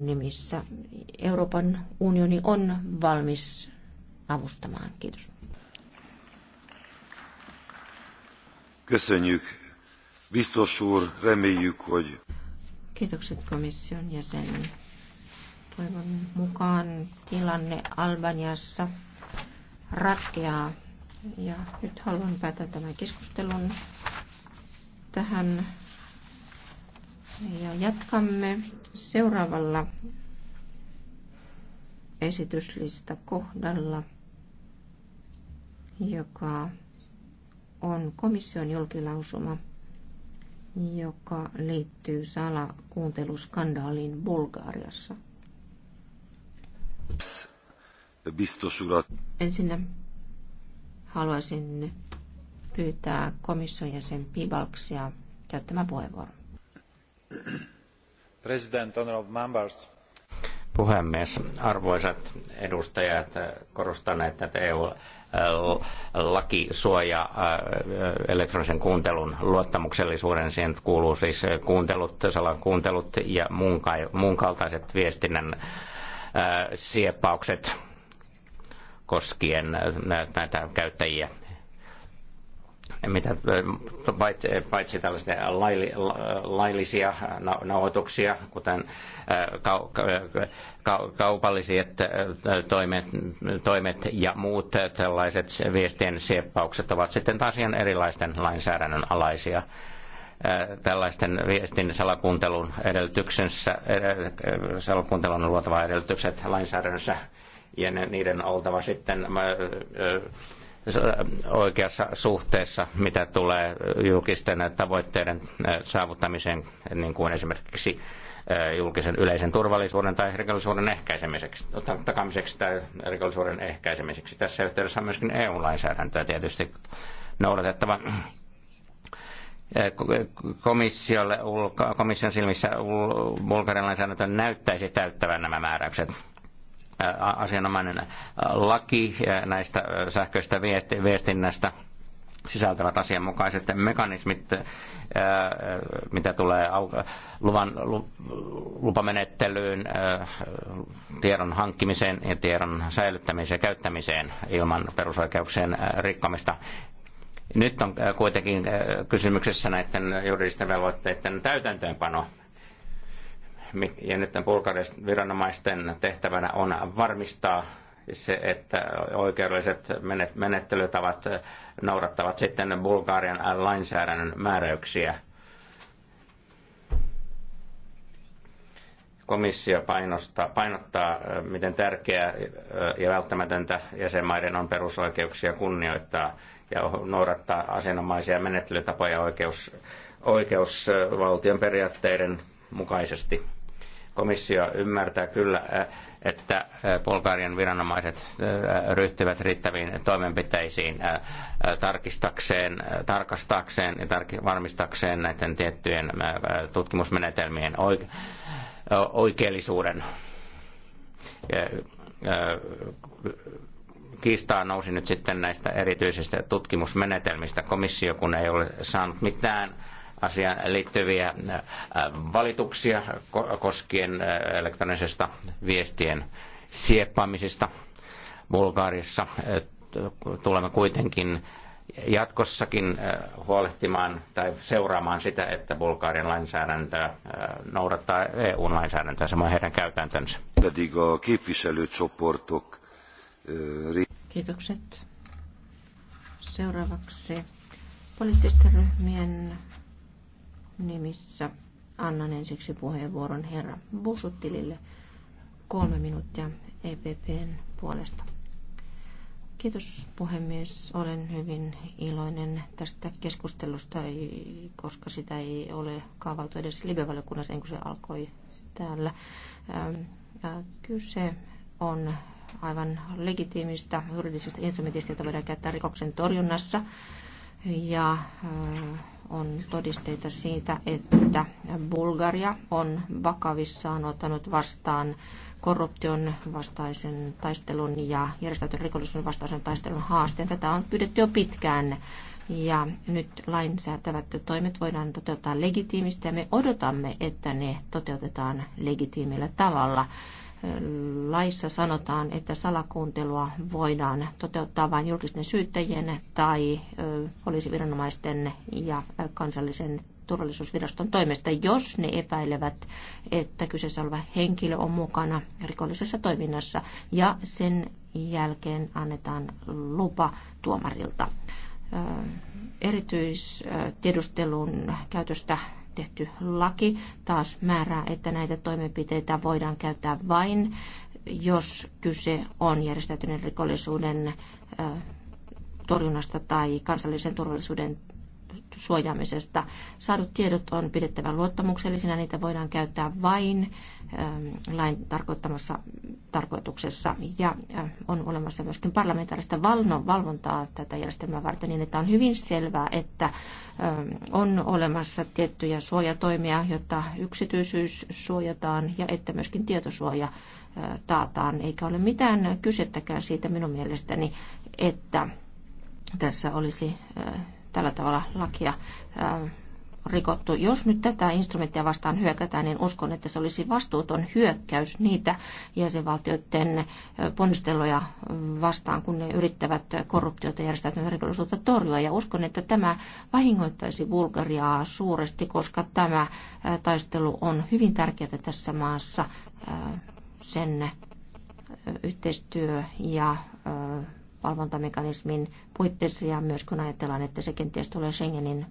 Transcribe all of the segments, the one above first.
nimissä Euroopan unioni on valmis avustamaan. Kiitos. Köszönjük. Biztos úr, reméljük, hogy... Kiitokset komission jäsen. Toivon mukaan tilanne Albaniassa ratkeaa. Ja nyt haluan päättää tämän keskustelun tähän. Ja jatkamme. Seuraavalla esityslista kohdalla, joka on komission julkilausuma, joka liittyy salakuunteluskandaaliin Bulgaariassa. Ensin haluaisin pyytää komission jäsen Pibalksia käyttämään puheenvuoron. Puhemies, arvoisat edustajat, korostaneet että EU äh, laki suojaa äh, elektronisen kuuntelun luottamuksellisuuden. Siihen kuuluu siis kuuntelut, salakuuntelut ja muun kaltaiset viestinnän äh, sieppaukset koskien näitä käyttäjiä mitä paitsi tällaisia laillisia nauhoituksia, kuten kaupalliset toimet, toimet ja muut tällaiset viestien sieppaukset ovat sitten taas ihan erilaisten lainsäädännön alaisia tällaisten viestin salakuuntelun edellytyksessä, salakuuntelun luotava edellytykset lainsäädännössä ja niiden oltava sitten oikeassa suhteessa, mitä tulee julkisten tavoitteiden saavuttamiseen, niin kuin esimerkiksi julkisen yleisen turvallisuuden tai rikollisuuden ehkäisemiseksi, takamiseksi tai rikollisuuden ehkäisemiseksi. Tässä yhteydessä on myöskin EU-lainsäädäntöä tietysti noudatettava komissiolle, komission silmissä bulgarian lainsäädäntö näyttäisi täyttävän nämä määräykset asianomainen laki näistä sähköistä viestinnästä sisältävät asianmukaiset mekanismit, mitä tulee luvan, lupamenettelyyn, tiedon hankkimiseen ja tiedon säilyttämiseen ja käyttämiseen ilman perusoikeuksien rikkomista. Nyt on kuitenkin kysymyksessä näiden juridisten velvoitteiden täytäntöönpano ja nyt viranomaisten tehtävänä on varmistaa se, että oikeudelliset menettelytavat noudattavat sitten Bulgarian lainsäädännön määräyksiä. Komissio painostaa, painottaa, miten tärkeää ja välttämätöntä jäsenmaiden on perusoikeuksia kunnioittaa ja noudattaa asianomaisia menettelytapoja oikeus, oikeusvaltion periaatteiden mukaisesti komissio ymmärtää kyllä, että Bulgarian viranomaiset ryhtyvät riittäviin toimenpiteisiin tarkistakseen, tarkastaakseen ja varmistakseen näiden tiettyjen tutkimusmenetelmien oikeellisuuden. Kiistaa nousi nyt sitten näistä erityisistä tutkimusmenetelmistä. Komissio, kun ei ole saanut mitään asiaan liittyviä äh, valituksia koskien äh, elektronisesta viestien sieppaamisesta Bulgaariassa. Äh, tulemme kuitenkin jatkossakin huolehtimaan tai seuraamaan sitä, että Bulgarian lainsäädäntö noudattaa EU-lainsäädäntöä, samoin heidän käytäntönsä. Kiitokset. Seuraavaksi poliittisten ryhmien nimissä annan ensiksi puheenvuoron herra Busuttilille kolme minuuttia EPPn puolesta. Kiitos puhemies. Olen hyvin iloinen tästä keskustelusta, koska sitä ei ole kaavaltu edes live-valiokunnassa, kun se alkoi täällä. Ähm, kyse on aivan legitiimistä juridisesta instrumentista, jota voidaan käyttää rikoksen torjunnassa – ja äh, on todisteita siitä, että Bulgaria on vakavissaan ottanut vastaan korruption vastaisen taistelun ja järjestäytyn rikollisuuden vastaisen taistelun haasteen. Tätä on pyydetty jo pitkään ja nyt lainsäätävät toimet voidaan toteuttaa legitiimisti ja me odotamme, että ne toteutetaan legitiimillä tavalla laissa sanotaan, että salakuuntelua voidaan toteuttaa vain julkisten syyttäjien tai poliisiviranomaisten ja kansallisen turvallisuusviraston toimesta, jos ne epäilevät, että kyseessä oleva henkilö on mukana rikollisessa toiminnassa ja sen jälkeen annetaan lupa tuomarilta. Erityistiedustelun käytöstä tehty laki taas määrää, että näitä toimenpiteitä voidaan käyttää vain, jos kyse on järjestäytyneen rikollisuuden torjunnasta tai kansallisen turvallisuuden suojaamisesta. Saadut tiedot on pidettävä luottamuksellisina, niitä voidaan käyttää vain ähm, lain tarkoittamassa tarkoituksessa. Ja äh, on olemassa myöskin parlamentaarista valvontaa tätä järjestelmää varten niin, että on hyvin selvää, että ähm, on olemassa tiettyjä suojatoimia, jotta yksityisyys suojataan ja että myöskin tietosuoja äh, taataan. Eikä ole mitään kysettäkään siitä minun mielestäni, että tässä olisi äh, tällä tavalla lakia ähm, rikottu. Jos nyt tätä instrumenttia vastaan hyökätään, niin uskon, että se olisi vastuuton hyökkäys niitä jäsenvaltioiden äh, ponnisteluja vastaan, kun ne yrittävät korruptiota ja järjestäytyneen rikollisuutta torjua. Ja uskon, että tämä vahingoittaisi Bulgariaa suuresti, koska tämä äh, taistelu on hyvin tärkeää tässä maassa. Äh, sen yhteistyö ja valvontamekanismin puitteissa ja myös kun ajatellaan, että se kenties tulee Schengenin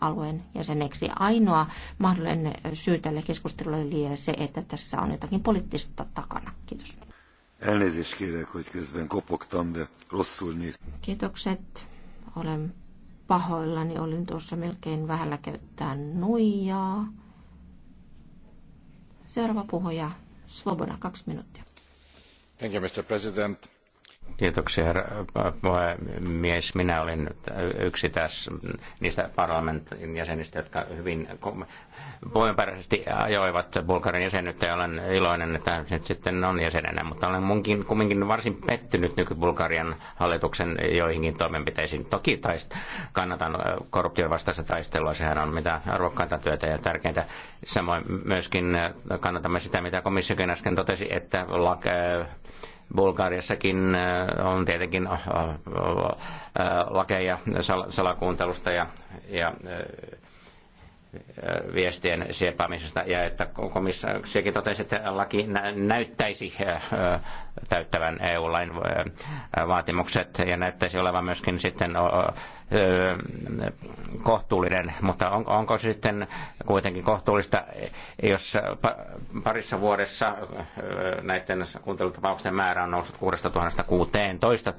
alueen jäseneksi. Ainoa mahdollinen syy tälle keskustelulle liian se, että tässä on jotakin poliittista takana. Kiitos. Elnézést kérek, hogy közben kopogtam, de rosszul néztem. Kiitokset. Olen pahoillani. Olin tuossa melkein vähällä käyttää nuijaa. Seuraava puhuja, Svoboda, kaksi minuuttia. Thank you, Mr. President. Kiitoksia, herra mies. Minä olin yksi tässä niistä parlamentin jäsenistä, jotka hyvin voimaperäisesti ajoivat Bulgarin jäsenyyttä ja olen iloinen, että nyt sitten on jäsenenä, mutta olen munkin, kumminkin varsin pettynyt nyky-Bulgarian hallituksen joihinkin toimenpiteisiin. Toki taist, kannatan korruption vastaista taistelua, sehän on mitä arvokkainta työtä ja tärkeintä. Samoin myöskin kannatamme sitä, mitä komissiokin äsken totesi, että lake, Bulgariassakin äh, on tietenkin äh, äh, lakeja salakuuntelusta ja, ja viestien siepäämisestä ja että komissiokin totesi, että laki näyttäisi täyttävän EU-lain vaatimukset ja näyttäisi olevan myöskin sitten kohtuullinen, mutta on, onko sitten kuitenkin kohtuullista, jos parissa vuodessa näiden kuuntelutapausten määrä on noussut 6000 16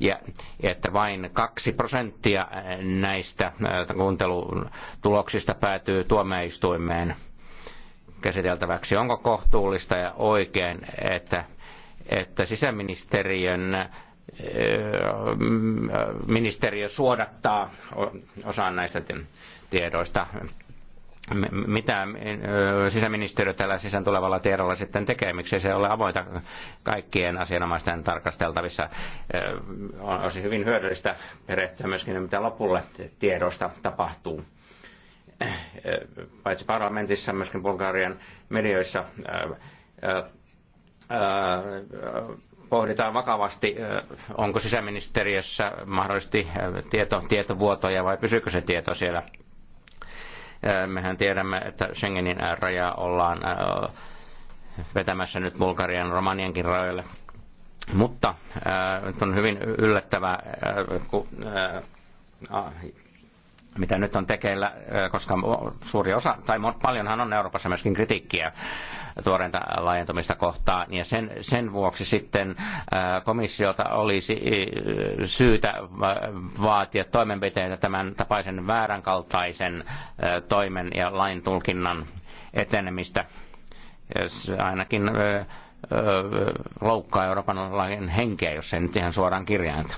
ja että vain kaksi prosenttia näistä kuuntelutuloksista päätyy tuomioistuimeen käsiteltäväksi. Onko kohtuullista ja oikein, että että sisäministeriön ministeriö suodattaa osan näistä tiedoista. Mitä sisäministeriö tällä sisään tulevalla tiedolla sitten tekee? Miksi se ole avointa kaikkien asianomaisten tarkasteltavissa? On osin hyvin hyödyllistä perehtyä myöskin, mitä lopulle tiedosta tapahtuu paitsi parlamentissa, myöskin Bulgarian medioissa pohditaan vakavasti, onko sisäministeriössä mahdollisesti tieto, tietovuotoja vai pysyykö se tieto siellä. Mehän tiedämme, että Schengenin rajaa ollaan vetämässä nyt Bulgarian Romaniankin rajoille. Mutta nyt on hyvin yllättävää, mitä nyt on tekeillä, koska suuri osa, tai paljonhan on Euroopassa myöskin kritiikkiä tuoreinta laajentumista kohtaan. Ja sen, sen vuoksi sitten komissiota olisi syytä vaatia toimenpiteitä tämän tapaisen vääränkaltaisen toimen ja lain tulkinnan etenemistä. ainakin loukkaa Euroopan lain henkeä, jos ei nyt ihan suoraan kirjainta.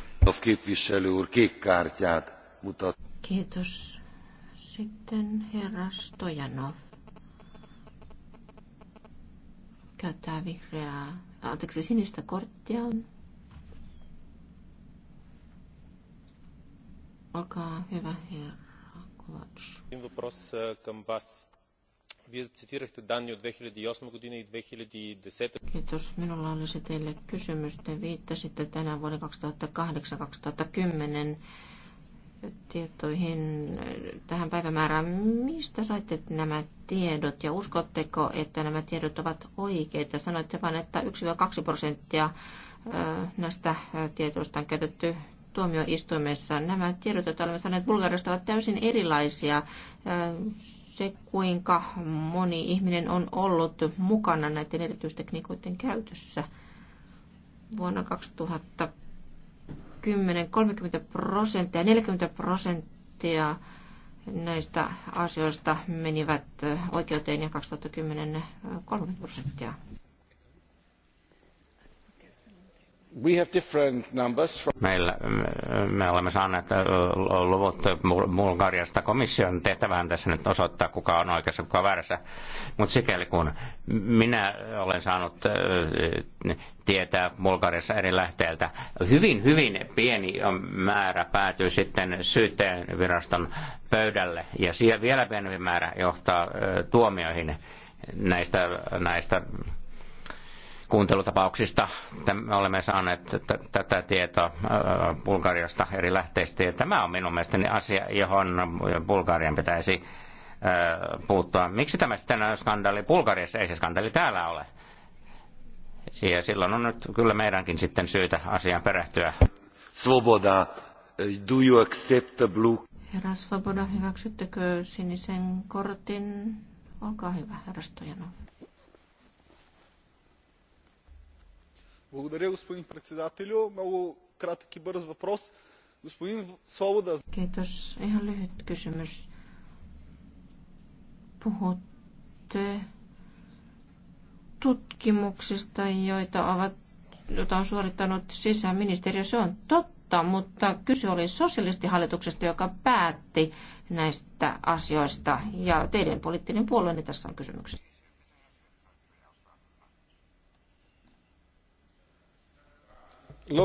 Kiitos. Sitten herra Stojanov. käyttää vihreää, anteeksi sinistä korttia. Olkaa hyvä, herra Kovacs. Един въпрос към вас. Вие цитирахте 2008 2010. Kiitos. Minulla olisi teille kysymys. Te viittasitte tänä vuonna 2008-2010 tietoihin tähän päivämäärään. Mistä saitte nämä tiedot ja uskotteko, että nämä tiedot ovat oikeita? Sanoitte vain, että 1-2 prosenttia näistä tiedoista on käytetty tuomioistuimessa. Nämä tiedot, joita olemme saaneet Bulgariasta, ovat täysin erilaisia. Se, kuinka moni ihminen on ollut mukana näiden erityistekniikoiden käytössä vuonna 2000 10, 30 prosenttia, 40 prosenttia näistä asioista menivät oikeuteen ja 2010 30 prosenttia Meillä, me olemme saaneet luvut Bulgariasta komission tehtävään tässä nyt osoittaa, kuka on oikeassa, kuka on väärässä. Mutta sikäli kun minä olen saanut tietää Bulgariassa eri lähteiltä, hyvin, hyvin pieni määrä päätyy sitten syyteen viraston pöydälle ja siellä vielä pienempi määrä johtaa tuomioihin näistä, näistä kuuntelutapauksista. Me olemme saaneet tätä tietoa Bulgariasta eri lähteistä. Ja tämä on minun mielestäni asia, johon Bulgarian pitäisi puuttua. Miksi tämä sitten on skandaali Bulgariassa, ei se skandaali täällä ole? Ja silloin on nyt kyllä meidänkin sitten syytä asiaan perehtyä. Svoboda, do you accept the blue? Herra Svoboda, hyväksyttekö sinisen kortin? Olkaa hyvä, herra Stojanov. Благодаря, господин председателю. Много кратък и бърз въпрос. Господин Солоda. Kiitos. Ihan lyhyt kysymys. Puhutte tutkimuksista, joita ovat, jota on suorittanut sisäministeriö. Se on totta, mutta kyse oli sosialistihallituksesta, joka päätti näistä asioista. Ja teidän poliittinen puolueenne tässä on kysymyksessä.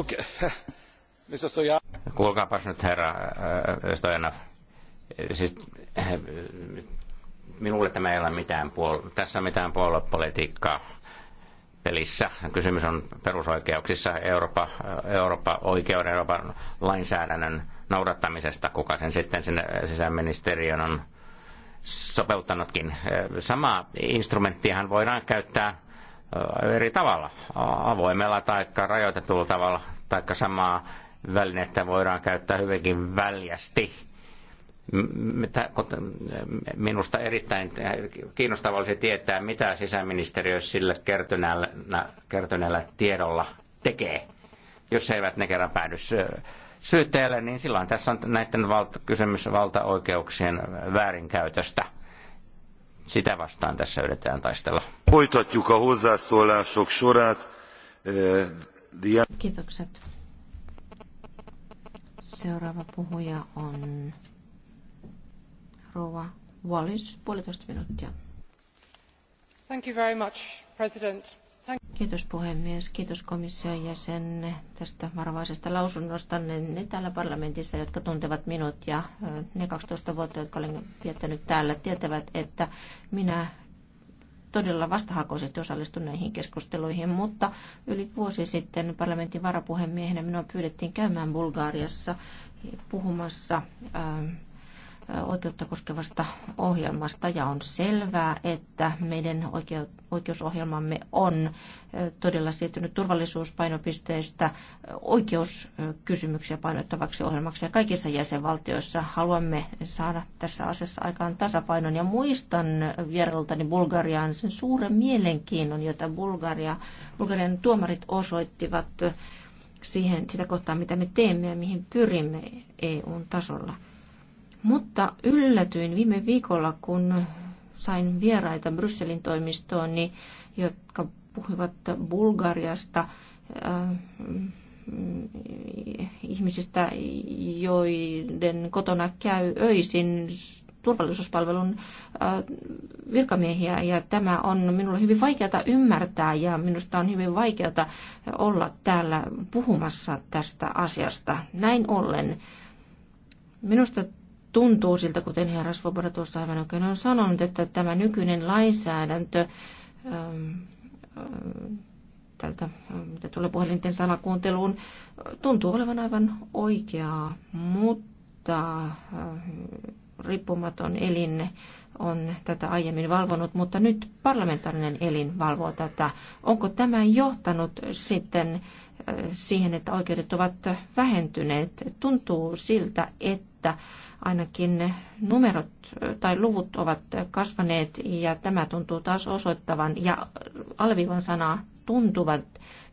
Kuulkaapas nyt herra Stojanov. Siis, minulle tämä ei ole mitään puol- tässä on mitään puoluepolitiikkaa pelissä. Kysymys on perusoikeuksissa Eurooppa, Eurooppa oikeuden, Euroopan lainsäädännön noudattamisesta, kuka sen sitten sinne sisäministeriön on sopeuttanutkin. Samaa instrumenttiahan voidaan käyttää eri tavalla, avoimella tai rajoitetulla tavalla, tai samaa välinettä voidaan käyttää hyvinkin väljästi. Minusta erittäin kiinnostavaa olisi tietää, mitä sisäministeriö sillä kertyneellä, kertyneellä tiedolla tekee, jos he eivät ne kerran päädy syytteelle, niin silloin tässä on näiden valta, kysymys valtaoikeuksien väärinkäytöstä – sitä vastaan tässä yritetään taistella. Folytatjuk a hozzászólások sorát. Eh, Kiitokset. Seuraava puhuja on Rova Wallis, puolitoista minuuttia. Thank you very much, President. Kiitos puhemies, kiitos komission jäsen tästä varovaisesta lausunnosta. Ne, ne täällä parlamentissa, jotka tuntevat minut ja ne 12 vuotta, jotka olen viettänyt täällä, tietävät, että minä todella vastahakoisesti osallistun näihin keskusteluihin, mutta yli vuosi sitten parlamentin varapuhemiehenä minua pyydettiin käymään Bulgaariassa puhumassa oikeutta koskevasta ohjelmasta ja on selvää, että meidän oikeusohjelmamme on todella siirtynyt turvallisuuspainopisteistä oikeuskysymyksiä painottavaksi ohjelmaksi ja kaikissa jäsenvaltioissa haluamme saada tässä asiassa aikaan tasapainon ja muistan vierailtani Bulgariaan sen suuren mielenkiinnon, jota Bulgaria, Bulgarian tuomarit osoittivat siihen, sitä kohtaa, mitä me teemme ja mihin pyrimme EUn tasolla. Mutta yllätyin viime viikolla, kun sain vieraita Brysselin toimistoon, niin, jotka puhuivat Bulgariasta, äh, ihmisistä, joiden kotona käy öisin turvallisuuspalvelun äh, virkamiehiä ja tämä on minulle hyvin vaikeata ymmärtää ja minusta on hyvin vaikeata olla täällä puhumassa tästä asiasta. Näin ollen minusta tuntuu siltä, kuten herra Svoboda tuossa aivan oikein on sanonut, että tämä nykyinen lainsäädäntö ähm, äh, tältä, äh, mitä tulee puhelinten salakuunteluun, tuntuu olevan aivan oikeaa, mutta äh, riippumaton elin on tätä aiemmin valvonut, mutta nyt parlamentaarinen elin valvoo tätä. Onko tämä johtanut sitten siihen, että oikeudet ovat vähentyneet? Tuntuu siltä, että ainakin numerot tai luvut ovat kasvaneet ja tämä tuntuu taas osoittavan ja alvivan sanaa tuntuvat,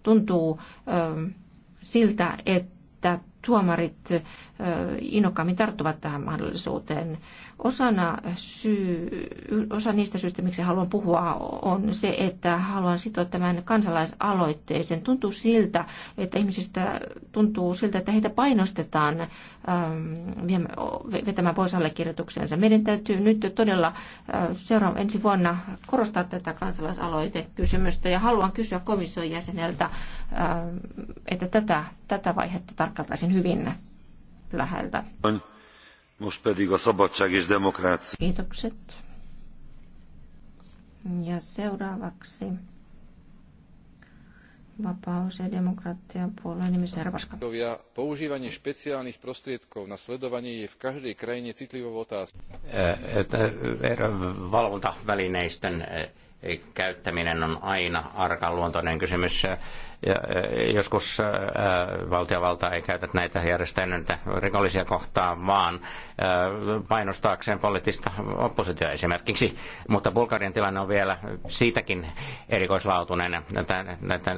tuntuu ö, siltä, että tuomarit innokkaammin tarttuvat tähän mahdollisuuteen. Osana syy, osa niistä syistä, miksi haluan puhua, on se, että haluan sitoa tämän kansalaisaloitteeseen. Tuntuu siltä, että ihmisistä tuntuu siltä, että heitä painostetaan ähm, vetämään pois allekirjoituksensa. Meidän täytyy nyt todella seuraava ensi vuonna korostaa tätä kansalaisaloitekysymystä ja haluan kysyä komission jäseneltä, ähm, että tätä, tätä vaihetta tarkkailtaisin hyvin läheltä. Most pedig a szabadság és demokrácia. Kiitokset. Ja seuraavaksi vapaus ja demokratia puolueen nimissä Hervaska. Používanie špeciálnych prostriedkov na sledovanie je v každej krajine citlivou otázkou. Valvontavälineistön käyttäminen on aina arkaluontoinen kysymys. Ja joskus valtiovalta ei käytä näitä järjestäytyneitä rikollisia kohtaan, vaan painostaakseen poliittista oppositiota esimerkiksi. Mutta Bulgarian tilanne on vielä siitäkin erikoislaatuinen. Näitä, näitä,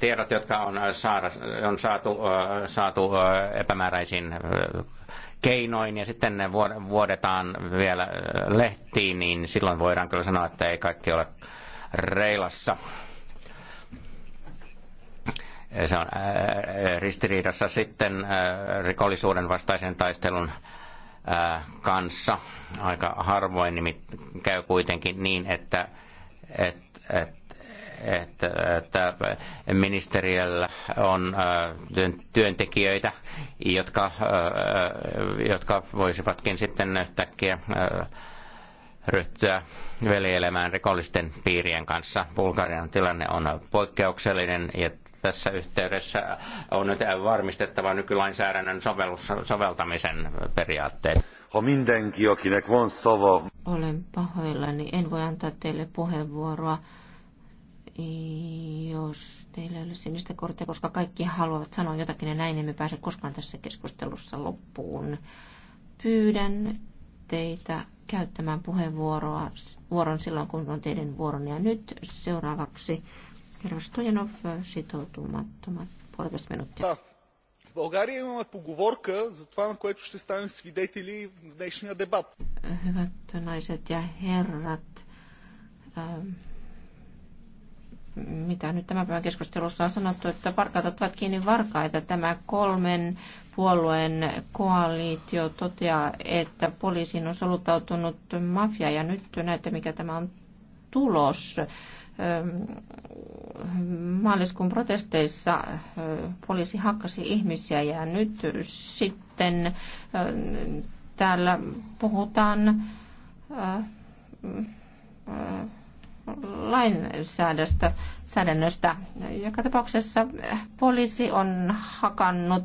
tiedot, jotka on, saada, on saatu, saatu epämääräisiin keinoin ja sitten ne vuodetaan vielä lehtiin, niin silloin voidaan kyllä sanoa, että ei kaikki ole reilassa se on ristiriidassa sitten rikollisuuden vastaisen taistelun kanssa. Aika harvoin nimittäin käy kuitenkin niin, että, että, että, että ministeriöllä on äh, työntekijöitä, jotka, äh, jotka voisivatkin sitten yhtäkkiä äh, ryhtyä veljelemään rikollisten piirien kanssa. Bulgarian tilanne on poikkeuksellinen ja tässä yhteydessä on nyt varmistettava nykylainsäädännön sovellus, soveltamisen periaatteet. Ha mindenki, akinek van szava. Olen pahoillani, en voi antaa teille puheenvuoroa jos teillä ei ole sinistä korttia, koska kaikki haluavat sanoa jotakin ja näin emme pääse koskaan tässä keskustelussa loppuun. Pyydän teitä käyttämään puheenvuoroa vuoron silloin, kun on teidän vuoronne. Ja nyt seuraavaksi herra Stojanov, sitoutumattomat puolitoista minuuttia. България имаме поговорка за това, на което ще станем свидетели в днешния дебат. Hyvät naiset ja herrat, mitä nyt tämän päivän keskustelussa on sanottu, että varkaat ovat kiinni varkaita. Tämä kolmen puolueen koalitio toteaa, että poliisiin on soluttautunut mafia ja nyt näette, mikä tämä on tulos. Maaliskuun protesteissa poliisi hakkasi ihmisiä ja nyt sitten täällä puhutaan lainsäädännöstä. Joka tapauksessa poliisi on hakannut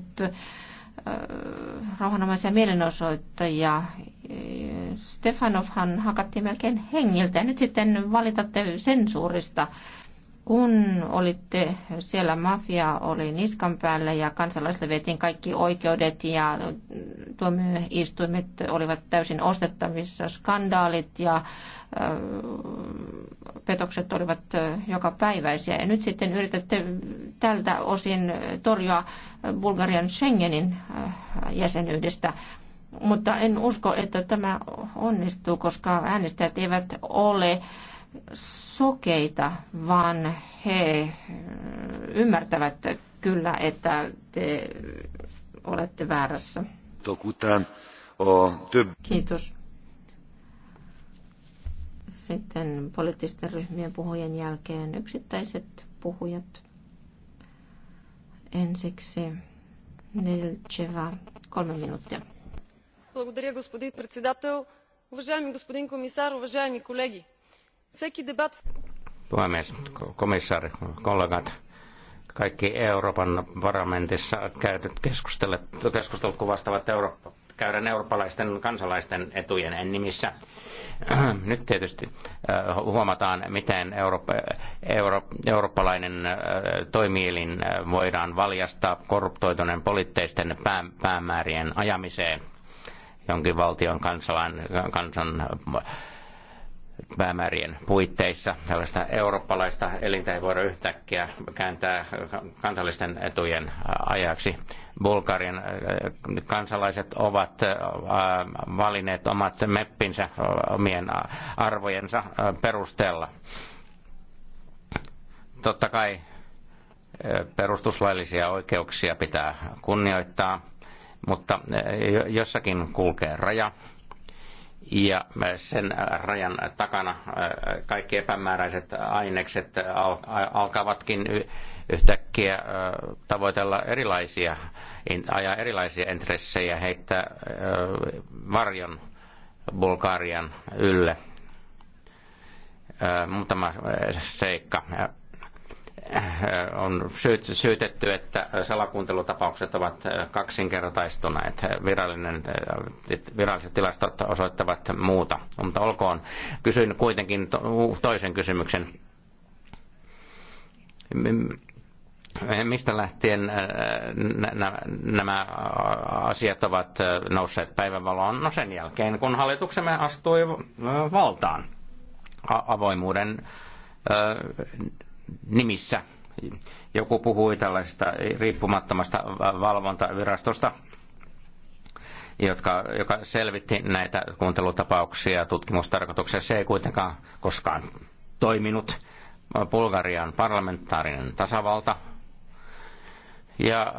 rauhanomaisia mielenosoittajia. Stefanovhan hakattiin melkein hengiltä nyt sitten valitatte sensuurista kun olitte siellä, mafia oli niskan päällä ja kansalaisille vietiin kaikki oikeudet ja tuomioistuimet olivat täysin ostettavissa. Skandaalit ja petokset olivat joka päiväisiä. Ja nyt sitten yritätte tältä osin torjua Bulgarian Schengenin jäsenyydestä. Mutta en usko, että tämä onnistuu, koska äänestäjät eivät ole sokeita, vaan he äh, ymmärtävät kyllä, että te olette väärässä. Kiitos. Sitten poliittisten ryhmien puhujien jälkeen yksittäiset puhujat. Ensiksi Nedelcheva, kolme minuuttia. Благодаря, господин председател. Уважаеми господин комисар, уважаеми колеги. Puhemies, komissaari, kollegat, kaikki Euroopan parlamentissa käydyt keskustelut, keskustelut kuvastavat Eurooppa, käydään eurooppalaisten kansalaisten etujen nimissä. Nyt tietysti äh, huomataan, miten Eurooppa, euro, eurooppalainen äh, toimielin äh, voidaan valjastaa korruptoituneen poliitteisten pää, päämäärien ajamiseen jonkin valtion kansalan, kansan päämäärien puitteissa. Tällaista eurooppalaista elintä ei voida yhtäkkiä kääntää kansallisten etujen ajaksi. Bulgarian äh, kansalaiset ovat äh, valinneet omat meppinsä äh, omien arvojensa perusteella. Totta kai perustuslaillisia oikeuksia pitää kunnioittaa, mutta jossakin kulkee raja ja äh, sen äh, rajan takana äh, kaikki epämääräiset ainekset alkavatkin yhtäkkiä tavoitella erilaisia, ajaa erilaisia intressejä, heittää varjon Bulgarian ylle. Muutama seikka on syytetty, että salakuuntelutapaukset ovat äh, kaksinkertaistuneet. Virallinen, äh, viralliset tilastot osoittavat muuta. Mutta olkoon. Kysyn kuitenkin toisen kysymyksen. Mistä lähtien äh, nämä asiat ovat nousseet päivänvaloon? No sen jälkeen, kun hallituksemme astui valtaan avoimuuden nimissä. Joku puhui tällaisesta riippumattomasta valvontavirastosta, jotka, joka selvitti näitä kuuntelutapauksia tutkimustarkoituksia, Se ei kuitenkaan koskaan toiminut. Bulgarian parlamentaarinen tasavalta ja,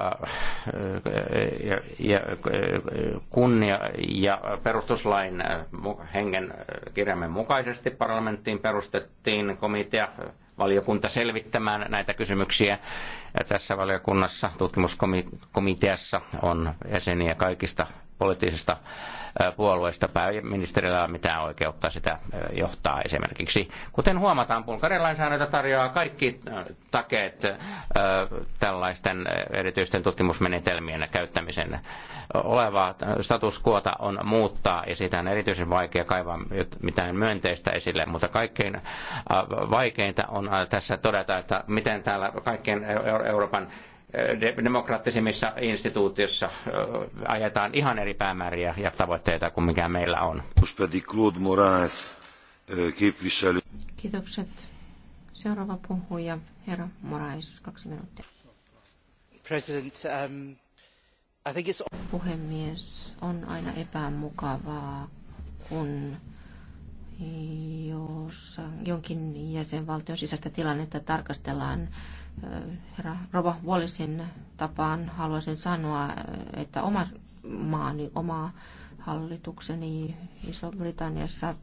ja, ja kunnia ja perustuslain hengen kirjaimen mukaisesti parlamenttiin perustettiin komitea valiokunta selvittämään näitä kysymyksiä. Tässä valiokunnassa, tutkimuskomiteassa on jäseniä kaikista poliittisesta puolueesta pääministerillä ole mitään oikeutta sitä johtaa esimerkiksi. Kuten huomataan, Bulgarian lainsäädäntö tarjoaa kaikki takeet tällaisten erityisten tutkimusmenetelmien käyttämisen olevaa status quota on muuttaa ja siitä on erityisen vaikea kaivaa mitään myönteistä esille, mutta kaikkein vaikeinta on tässä todeta, että miten täällä kaikkien Euroopan demokraattisimmissa instituutioissa ajetaan ihan eri päämääriä ja tavoitteita kuin mikä meillä on. Kiitokset. Seuraava puhuja, herra Morais, kaksi minuuttia. President, um, I think it's... Puhemies, on aina epämukavaa, kun jos jonkin jäsenvaltion sisäistä tilannetta tarkastellaan herra Rova Wallisin tapaan haluaisin sanoa, että oma maani, oma hallitukseni Iso-Britanniassa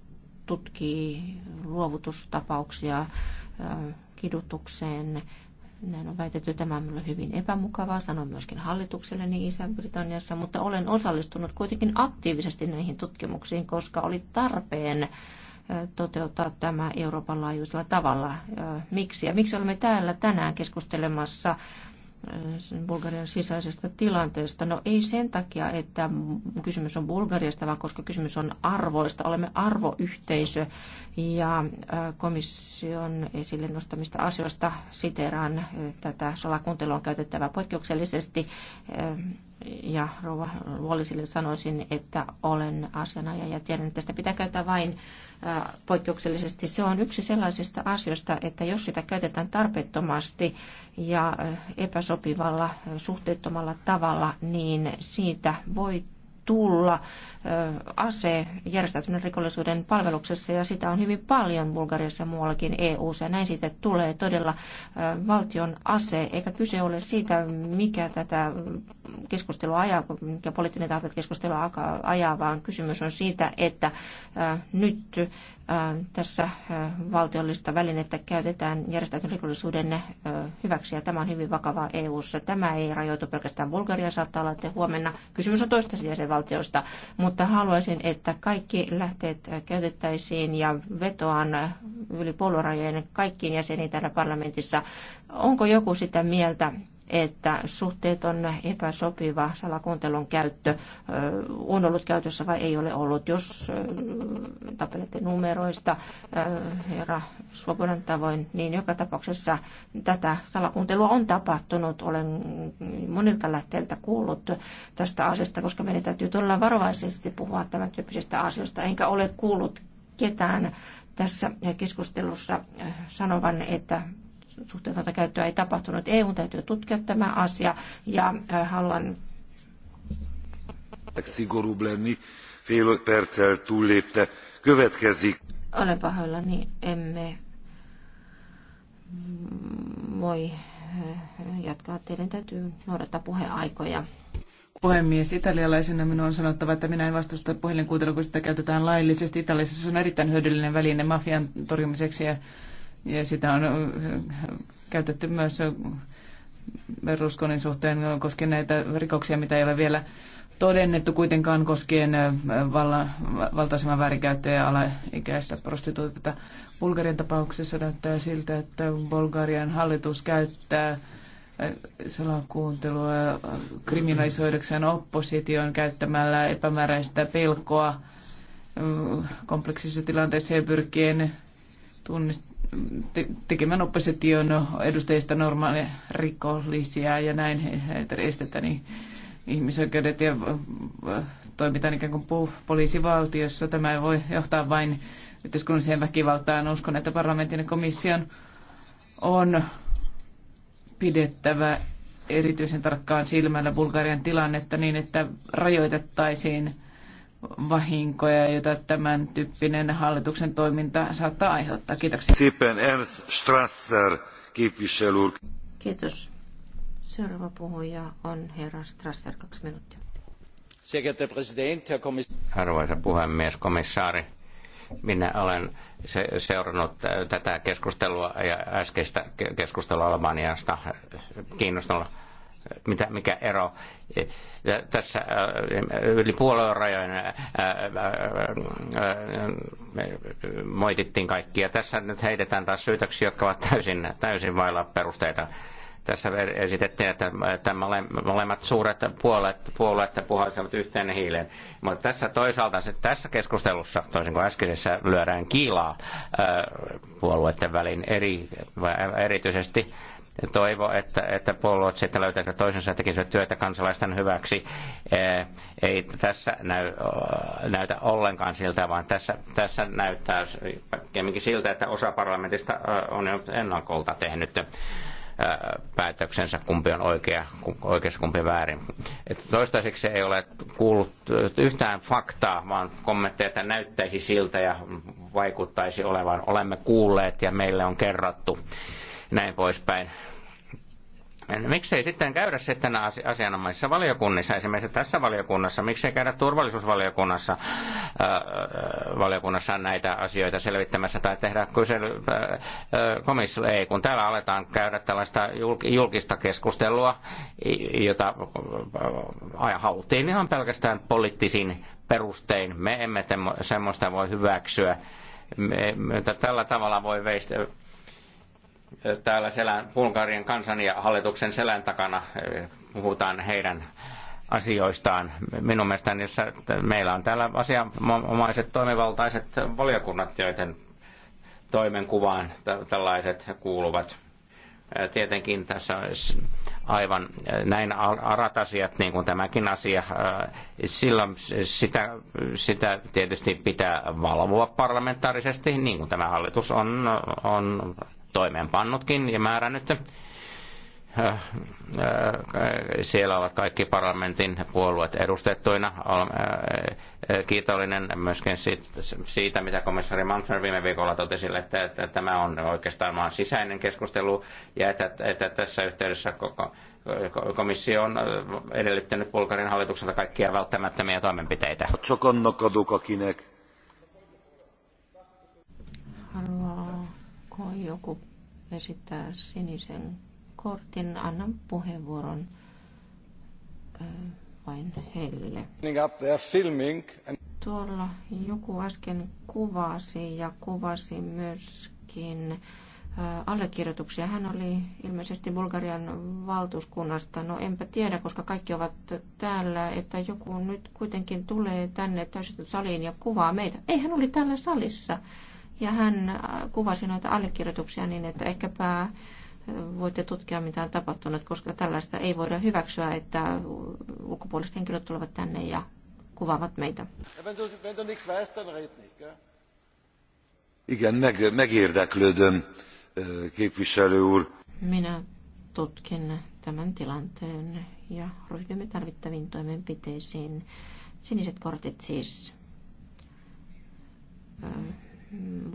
tutkii luovutustapauksia kidutukseen. Näin on väitetty, tämä on minulle hyvin epämukavaa, sanon myöskin hallitukselleni Iso-Britanniassa, mutta olen osallistunut kuitenkin aktiivisesti näihin tutkimuksiin, koska oli tarpeen toteuttaa tämä Euroopan laajuisella tavalla. Miksi? Ja miksi olemme täällä tänään keskustelemassa Äh, Bulgarian sisäisestä tilanteesta. No ei sen takia, että kysymys on Bulgariasta, vaan koska kysymys on arvoista. Olemme arvoyhteisö ja äh, komission esille nostamista asioista siteraan äh, tätä on käytettävää poikkeuksellisesti. Ja rouva Wallisille sanoisin, että olen asianajaja ja tiedän, että sitä pitää käyttää vain poikkeuksellisesti. Se on yksi sellaisista asioista, että jos sitä käytetään tarpeettomasti ja epäsuojelmallisesti, sopivalla suhteettomalla tavalla, niin siitä voi tulla ase järjestäytyneen rikollisuuden palveluksessa ja sitä on hyvin paljon Bulgariassa ja muuallakin eu ja näin siitä tulee todella valtion ase, eikä kyse ole siitä, mikä tätä keskustelua ajaa, mikä poliittinen tahto keskustelua ajaa, vaan kysymys on siitä, että nyt tässä valtiollista välinettä käytetään järjestäytyneen rikollisuuden hyväksi ja tämä on hyvin vakavaa EU-ssa. Tämä ei rajoitu pelkästään Bulgariaan, saattaa olla, että huomenna kysymys on toista jäsenvaltioista, mutta haluaisin, että kaikki lähteet käytettäisiin ja vetoan yli puoluerajojen kaikkiin jäseniin täällä parlamentissa. Onko joku sitä mieltä, että suhteeton epäsopiva salakuuntelun käyttö on ollut käytössä vai ei ole ollut. Jos tapelette numeroista herra Svobodan tavoin, niin joka tapauksessa tätä salakuuntelua on tapahtunut. Olen monilta lähteiltä kuullut tästä asiasta, koska meidän täytyy todella varovaisesti puhua tämän tyyppisestä asioista, enkä ole kuullut ketään tässä keskustelussa sanovan, että tätä käyttöä ei tapahtunut. EU täytyy tutkia tämä asia ja äh, haluan... Szigorúbb lenni, fél perccel túllépte. Következik. Olen pahoillani, emme voi äh, jatkaa. Teidän täytyy noudattaa puheaikoja puhemies, italialaisena minun on sanottava, että minä en vastusta puhelinkuuntelua, kun sitä käytetään laillisesti. Italiassa se on erittäin hyödyllinen väline mafian torjumiseksi ja ja sitä on äh, käytetty myös Berlusconin suhteen koskien näitä rikoksia, mitä ei ole vielä todennettu kuitenkaan koskien äh, vallan, valtaisemman väärinkäyttöä ja alaikäistä prostituutiota. Bulgarian tapauksessa näyttää siltä, että Bulgarian hallitus käyttää äh, salakuuntelua kriminalisoidakseen opposition käyttämällä epämääräistä pelkoa kompleksisissa tilanteissa ja pyrkien tunnistamaan tekemään opposition edustajista normaaleja rikollisia ja näin heitä estetään niin ihmisoikeudet ja toimitaan ikään kuin poliisivaltiossa. Tämä ei voi johtaa vain yhteiskunnalliseen väkivaltaan. Uskon, että parlamentin ja komission on pidettävä erityisen tarkkaan silmällä Bulgarian tilannetta niin, että rajoitettaisiin – vahinkoja, joita tämän tyyppinen hallituksen toiminta saattaa aiheuttaa. Kiitoksia. Sipen Ernst Strasser, Kiitos. Seuraava puhuja on herra Strasser, kaksi minuuttia. Arvoisa puhemies, komissaari, minä olen seurannut tätä keskustelua ja äskeistä keskustelua Albaniasta kiinnostuneella mitä, mikä ero tässä äh, yli rajojen äh, äh, moitittiin kaikkia. Tässä nyt heitetään taas syytöksiä, jotka ovat täysin, täysin vailla perusteita. Tässä esitettiin, että, että molemmat suuret puolueet, puolueet puhaisivat yhteen hiileen. Mutta tässä toisaalta tässä keskustelussa, toisin kuin äskeisessä, lyödään kiilaa puolueiden välin eri, erityisesti toivo, että, että puolueet sitten löytäisivät toisensa ja tekisivät työtä kansalaisten hyväksi. Eh, ei tässä näy, näytä ollenkaan siltä, vaan tässä, tässä näyttää kemminkin siltä, että osa parlamentista eh, on jo ennakolta tehnyt eh, päätöksensä, kumpi on oikea, oikeassa, kumpi väärin. Et toistaiseksi ei ole kuullut yhtään faktaa, vaan kommentteja, että näyttäisi siltä ja vaikuttaisi olevan. Olemme kuulleet ja meille on kerrottu näin poispäin. Miksei sitten käydä sitten asianomaisissa valiokunnissa, esimerkiksi tässä valiokunnassa, miksei käydä turvallisuusvaliokunnassa ää, valiokunnassa näitä asioita selvittämässä tai tehdä kysely komissio, ei kun täällä aletaan käydä tällaista julkista keskustelua, jota haluttiin ihan pelkästään poliittisin perustein. Me emme semmoista voi hyväksyä tällä tavalla voi veistä, täällä selän, Bulgarian kansan ja hallituksen selän takana eh, puhutaan heidän asioistaan. Minun mielestäni meillä on täällä asianomaiset toimivaltaiset valiokunnat, joiden toimenkuvaan tällaiset kuuluvat. Eh, tietenkin tässä olisi aivan eh, näin arat asiat, niin kuin tämäkin asia, silloin sitä, sitä tietysti pitää valvoa parlamentaarisesti, niin kuin tämä hallitus on, on toimeenpannutkin ja määrännyt. Äh, äh, siellä ovat kaikki parlamentin puolueet edustettuina. Olen äh, kiitollinen myöskin siitä, mitä komissari Manfred viime viikolla totesi, että tämä on oikeastaan maan sisäinen keskustelu ja että tässä yhteydessä koko komissio on edellyttänyt Bulgarin hallitukselta kaikkia välttämättömiä toimenpiteitä. joku esittää sinisen kortin, annan puheenvuoron vain heille. Tuolla joku äsken kuvasi ja kuvasi myöskin allekirjoituksia. Hän oli ilmeisesti Bulgarian valtuuskunnasta. No enpä tiedä, koska kaikki ovat täällä, että joku nyt kuitenkin tulee tänne täysin saliin ja kuvaa meitä. Ei, hän oli täällä salissa. Ja hän äh, kuvasi noita allekirjoituksia niin, että ehkäpä äh, voitte tutkia, mitä on tapahtunut, koska tällaista ei voida hyväksyä, että ulkopuoliset henkilöt tulevat tänne ja kuvaavat meitä. Igen, meg, megérdeklődöm, képviselő úr. Minä tutkin tämän tilanteen ja ryhdymme tarvittaviin toimenpiteisiin. Siniset kortit siis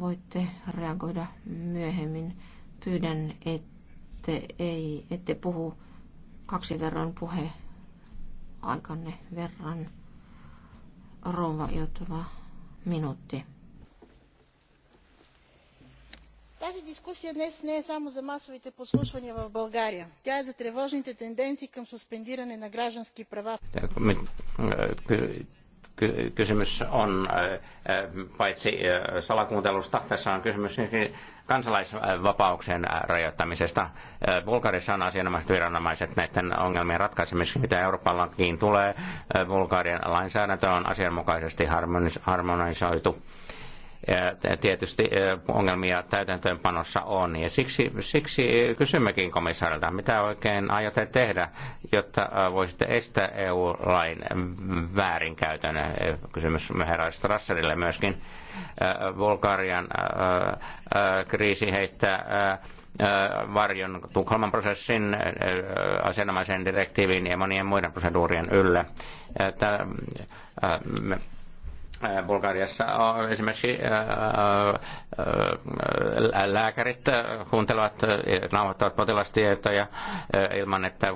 voitte reagoida myöhemmin. Pyydän, ette, ei, ette puhu kaksi verran puhe aikanne verran. Rouva Jotova, minuutti. Тази дискусия днес не е само за масовите послушвания в България. Тя е за тревожните тенденции към суспендиране на граждански права kysymys on äh, äh, paitsi äh, salakuuntelusta, tässä on kysymys kansalaisvapauksien rajoittamisesta. Bulgarissa on asianomaiset viranomaiset näiden ongelmien ratkaisemiseksi, mitä Euroopallakin tulee. Bulgarian lainsäädäntö on asianmukaisesti harmonisoitu tietysti e, ongelmia täytäntöönpanossa on. Ja siksi, siksi kysymmekin komissaarilta, mitä oikein aiotte tehdä, jotta e, voisitte estää EU-lain väärinkäytön. E, kysymys herra Strasserille myöskin. Bulgarian kriisi heittää varjon Tukholman prosessin, asianomaisen direktiivin ja monien muiden proseduurien ylle. Tämä, Äh, Bulgariassa äh, esimerkiksi äh, lääkärit kuuntelevat, nauhoittavat potilastietoja ilman, että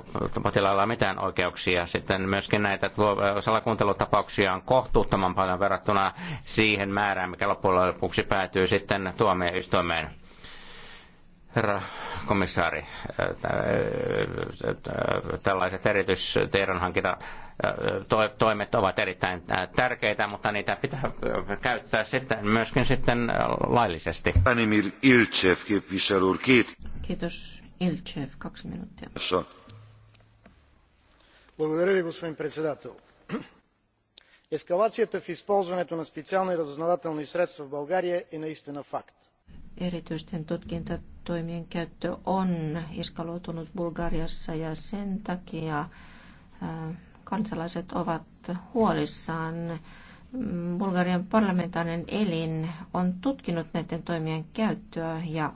potilaalla on mitään oikeuksia. Sitten myöskin näitä salakuuntelutapauksia on kohtuuttoman paljon verrattuna siihen määrään, mikä loppujen lopuksi päätyy sitten tuomioistuimeen. Herra komissaari, tällaiset toimet ovat erittäin tärkeitä, mutta niitä pitää käyttää sitten myöskin sitten laillisesti. Animir Ilchev, Kiitos. Ilchev, kaksi minuuttia. Благодаря ви, господин председател. Ескалацията в използването на специални разузнавателни средства в България е наистина факт erityisten tutkintatoimien käyttö on eskaloitunut Bulgariassa ja sen takia kansalaiset ovat huolissaan. Bulgarian parlamentaarinen elin on tutkinut näiden toimien käyttöä ja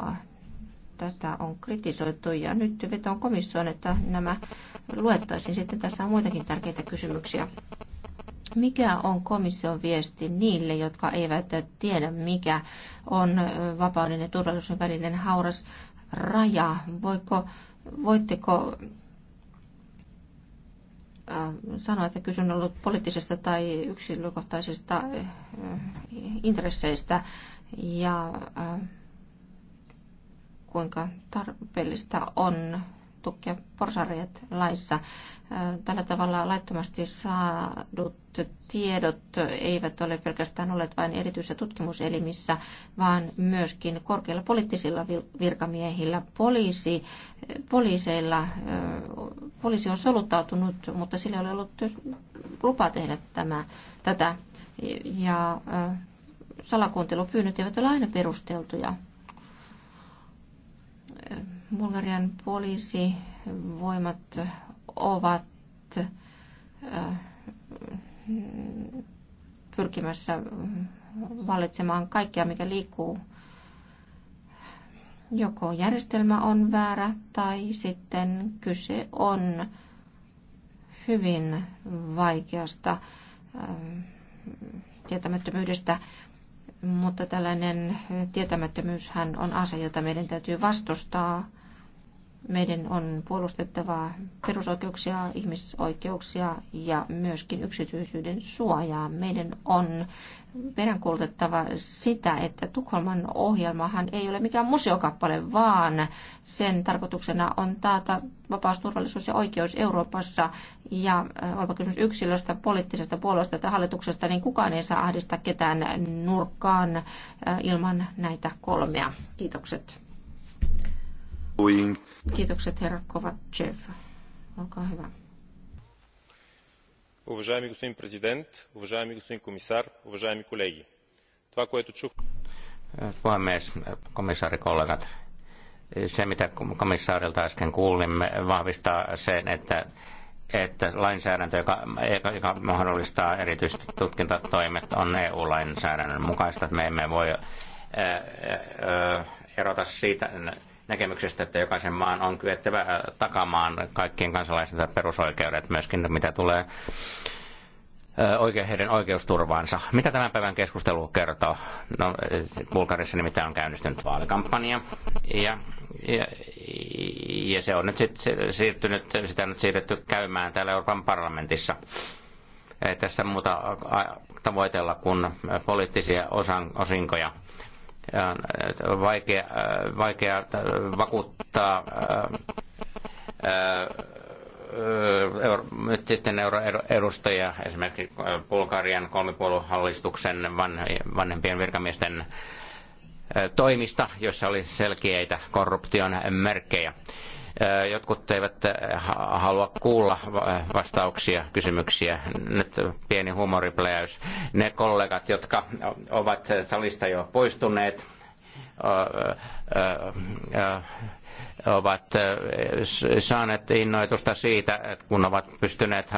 tätä on kritisoitu ja nyt vetoon komissioon, että nämä luettaisiin sitten. Tässä on muitakin tärkeitä kysymyksiä. Mikä on komission viesti niille, jotka eivät tiedä, mikä on vapauden ja turvallisuuden välinen hauras raja? Voiko, voitteko äh, sanoa, että kysyn ollut poliittisesta tai yksilökohtaisesta äh, intresseistä ja äh, kuinka tarpeellista on tukkia porsareet laissa. Tällä tavalla laittomasti saadut tiedot eivät ole pelkästään olleet vain erityisissä tutkimuselimissä, vaan myöskin korkeilla poliittisilla virkamiehillä, poliisi, poliiseilla. Poliisi on soluttautunut, mutta sillä ei ole ollut lupa tehdä tämä, tätä. Ja salakuuntelupyynnöt eivät ole aina perusteltuja Bulgarian poliisivoimat ovat pyrkimässä valitsemaan kaikkea, mikä liikkuu. Joko järjestelmä on väärä tai sitten kyse on hyvin vaikeasta tietämättömyydestä, mutta tällainen tietämättömyyshän on asia, jota meidän täytyy vastustaa – meidän on puolustettava perusoikeuksia, ihmisoikeuksia ja myöskin yksityisyyden suojaa. Meidän on peräänkuulutettava sitä, että Tukholman ohjelmahan ei ole mikään museokappale, vaan sen tarkoituksena on taata vapaus, turvallisuus ja oikeus Euroopassa. Ja äh, olipa kysymys yksilöstä, poliittisesta puolueesta tai hallituksesta, niin kukaan ei saa ahdistaa ketään nurkkaan äh, ilman näitä kolmea. Kiitokset. Boeing Kiitokset herra Kovacev. Olkaa hyvä. Уважаеми господин президент, уважаеми господин комисар, уважаеми колеги. Това, което чух... Puhemies, komissaarikollegat, se mitä komissaarilta äsken kuulimme vahvistaa sen, että että lainsäädäntö, joka, joka mahdollistaa erityisesti tutkintatoimet, on EU-lainsäädännön mukaista. Me emme voi ää, ää, erota siitä näkemyksestä, että jokaisen maan on kyettävä äh, takamaan kaikkien kansalaisten perusoikeudet myöskin, mitä tulee äh, oikein heidän oikeusturvaansa. Mitä tämän päivän keskustelu kertoo? No, äh, Bulgarissa nimittäin on käynnistynyt vaalikampanja ja, ja, ja se on nyt sit siirtynyt, sitä on nyt siirretty käymään täällä Euroopan parlamentissa. Ei tässä muuta tavoitella kuin poliittisia osan, osinkoja on äh, vaikea, äh, vaikea äh, vakuuttaa nyt sitten euroedustajia, esimerkiksi Bulgarian kolmipuoluehallistuksen vanhempien virkamiesten toimista, jossa oli selkeitä korruption merkkejä. Jotkut eivät halua kuulla vastauksia, kysymyksiä. Nyt pieni huumoripläjäys. Ne kollegat, jotka ovat salista jo poistuneet, ovat saaneet innoitusta siitä, että kun ovat pystyneet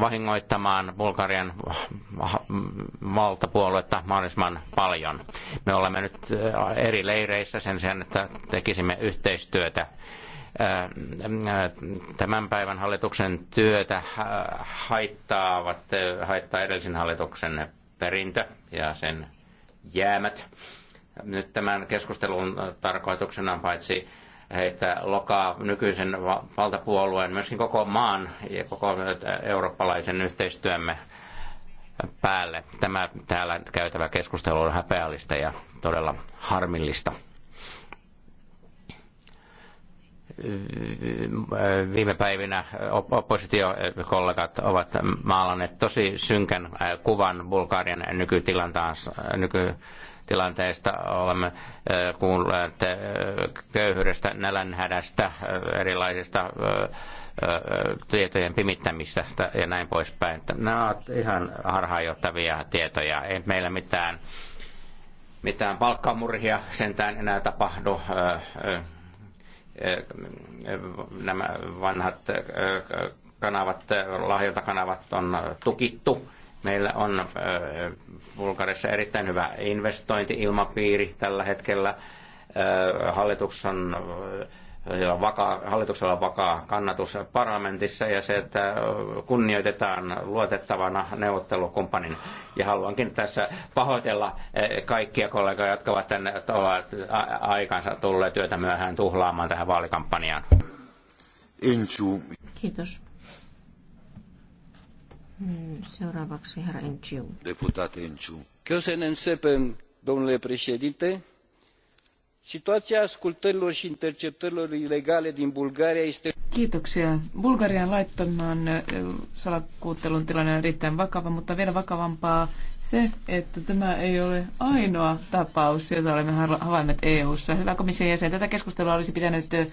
vahingoittamaan Bulgarian valtapuoluetta mahdollisimman paljon. Me olemme nyt eri leireissä sen sijaan, että tekisimme yhteistyötä tämän päivän hallituksen työtä haittaavat, haittaa edellisen hallituksen perintö ja sen jäämät. Nyt tämän keskustelun äh, tarkoituksena on paitsi heittää lokaa nykyisen valtapuolueen, myöskin koko maan ja koko äh, eurooppalaisen yhteistyömme päälle. Tämä täällä käytävä keskustelu on häpeällistä ja todella harmillista. Äh, viime päivinä oppositiokollegat ovat maalanneet tosi synkän äh, kuvan Bulgarian nykytilanteesta. Olemme äh, kuulleet köyhyydestä, nälänhädästä, erilaisista tietojen pimittämisestä ja näin poispäin. Nämä ovat ihan harhaanjohtavia tietoja. Ei meillä mitään, mitään palkkamurhia sentään enää tapahdu nämä vanhat kanavat, lahjontakanavat on tukittu. Meillä on Bulgarissa erittäin hyvä investointiilmapiiri tällä hetkellä. Hallituksen on vakaa, hallituksella on vakaa kannatus parlamentissa ja se, että kunnioitetaan luotettavana neuvottelukumppanin. Ja haluankin tässä pahoitella eh, kaikkia kollegoja, jotka ovat tänne ovat aikansa tulleet työtä myöhään tuhlaamaan tähän vaalikampanjaan. Kiitos. Hmm, seuraavaksi herra Enciu. Deputat Enciu. Köszönöm szépen, domnule președinte. Situația ascultărilor și interceptărilor ilegale din Bulgaria este... Kiitoksia. Bulgarian laittoman eh, salakuuttelun tilanne on erittäin vakava, mutta vielä vakavampaa se, että tämä ei ole ainoa tapaus, jota olemme havainneet EU-ssa. Hyvä komission jäsen, tätä keskustelua olisi pitänyt eh,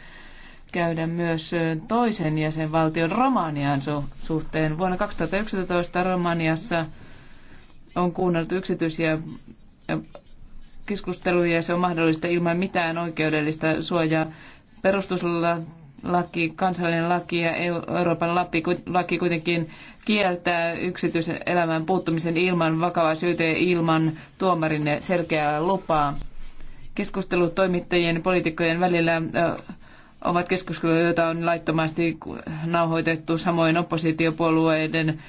käydä myös eh, toisen jäsenvaltion Romanian suhteen. Vuonna 2011 Romaniassa on kuunneltu yksityisiä keskusteluja ja se on mahdollista ilman mitään oikeudellista suojaa. Perustuslaki, kansallinen laki ja Euroopan laki kuitenkin kieltää elämän puuttumisen ilman vakavaa syytä ja ilman tuomarin selkeää lupaa. Keskustelut toimittajien ja poliitikkojen välillä ovat keskusteluja, joita on laittomasti nauhoitettu, samoin oppositiopuolueiden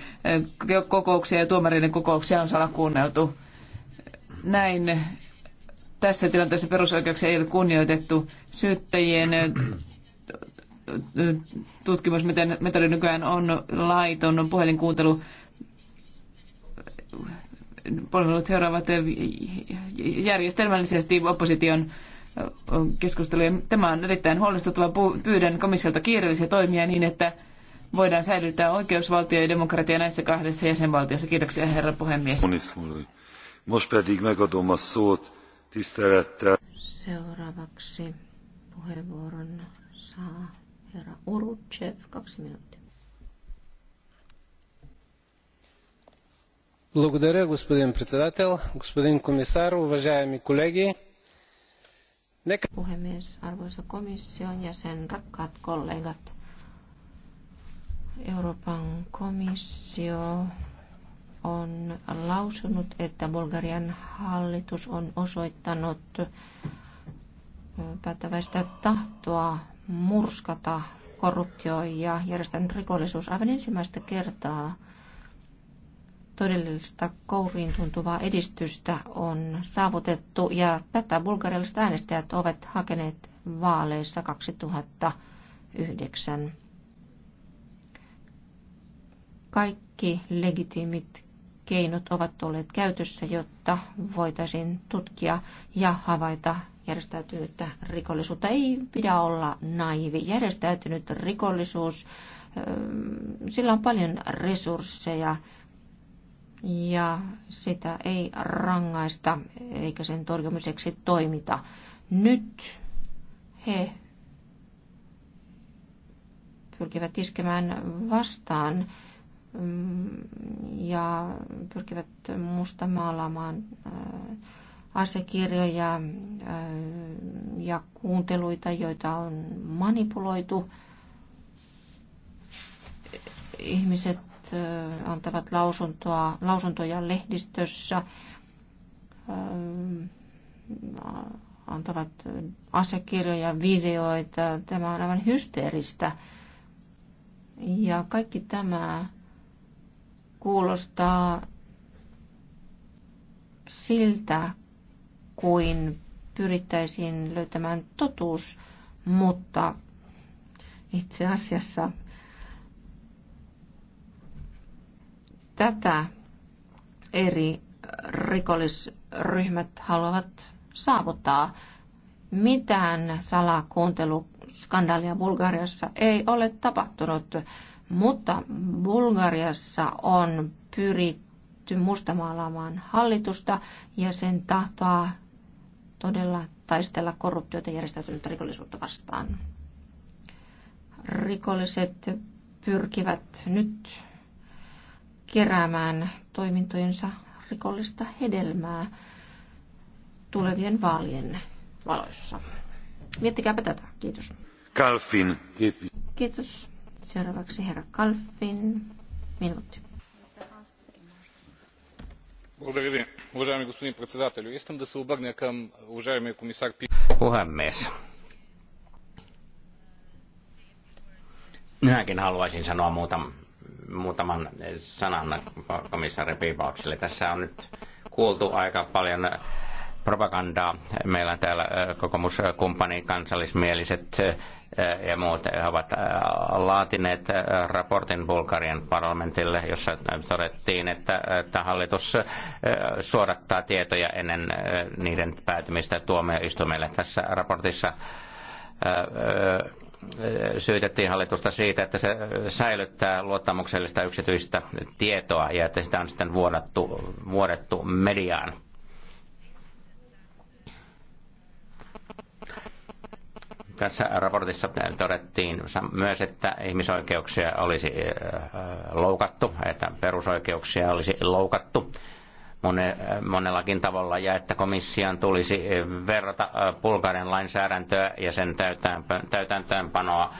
kokouksia ja tuomareiden kokouksia on salakuunneltu. Näin tässä tilanteessa perusoikeuksia ei ole kunnioitettu. Syyttäjien tutkimus, miten metodi nykyään on laiton, on puhelinkuuntelu. Palvelut seuraavat järjestelmällisesti opposition keskusteluja. Tämä on erittäin huolestuttava. Pyydän komissiolta kiireellisiä toimia niin, että voidaan säilyttää oikeusvaltio ja demokratia näissä kahdessa jäsenvaltiossa. Kiitoksia herra puhemies. Most pedig megadom a szót Seuraavaksi puheenvuoron saa herra kaksi minuuttia. Благодаря, господин председател, господин комисар, уважаеми колеги. Нека... Puhemies, arvoisa komission jäsen, rakkaat kollegat. Euroopan komissio on lausunut, että Bulgarian hallitus on osoittanut päättäväistä tahtoa murskata korruptio ja järjestänyt rikollisuus aivan ensimmäistä kertaa todellista kouriin tuntuvaa edistystä on saavutettu ja tätä bulgarialaiset äänestäjät ovat hakeneet vaaleissa 2009. Kaikki legitiimit keinot ovat olleet käytössä, jotta voitaisiin tutkia ja havaita järjestäytynyttä rikollisuutta. Ei pidä olla naivi. Järjestäytynyt rikollisuus, sillä on paljon resursseja ja sitä ei rangaista eikä sen torjumiseksi toimita. Nyt he pyrkivät iskemään vastaan Mm, ja pyrkivät maalaamaan äh, asiakirjoja äh, ja kuunteluita, joita on manipuloitu. Ihmiset äh, antavat lausuntoa, lausuntoja lehdistössä, antavat asiakirjoja, videoita. Tämä on aivan hysteeristä. Ja kaikki tämä kuulostaa siltä, kuin pyrittäisiin löytämään totuus, mutta itse asiassa tätä eri rikollisryhmät haluavat saavuttaa. Mitään salakuunteluskandaalia Bulgariassa ei ole tapahtunut. Mutta Bulgariassa on pyritty mustamaalaamaan hallitusta ja sen tahtoa todella taistella korruptiota järjestäytynyttä rikollisuutta vastaan. Rikolliset pyrkivät nyt keräämään toimintojensa rikollista hedelmää tulevien vaalien valoissa. Miettikääpä tätä. Kiitos. Kalfin. Kiitos. Kiitos. Seuraavaksi herra Kalfin. Minuutti. Puhemies. Minäkin haluaisin sanoa muutam, muutaman sanan komissaari Piipaukselle. Tässä on nyt kuultu aika paljon propagandaa. Meillä on täällä äh, kokoomuskumppani kansallismieliset äh, ja muut ovat äh, laatineet raportin Bulgarian parlamentille, jossa todettiin, että, että hallitus suodattaa tietoja ennen niiden päätymistä tuomioistuimelle. Tässä raportissa syytettiin hallitusta siitä, että se säilyttää luottamuksellista yksityistä tietoa ja että sitä on sitten vuodettu, vuodettu mediaan Tässä raportissa todettiin myös, että ihmisoikeuksia olisi loukattu, että perusoikeuksia olisi loukattu monellakin tavalla ja että komission tulisi verrata Bulgarian lainsäädäntöä ja sen täytäntöönpanoa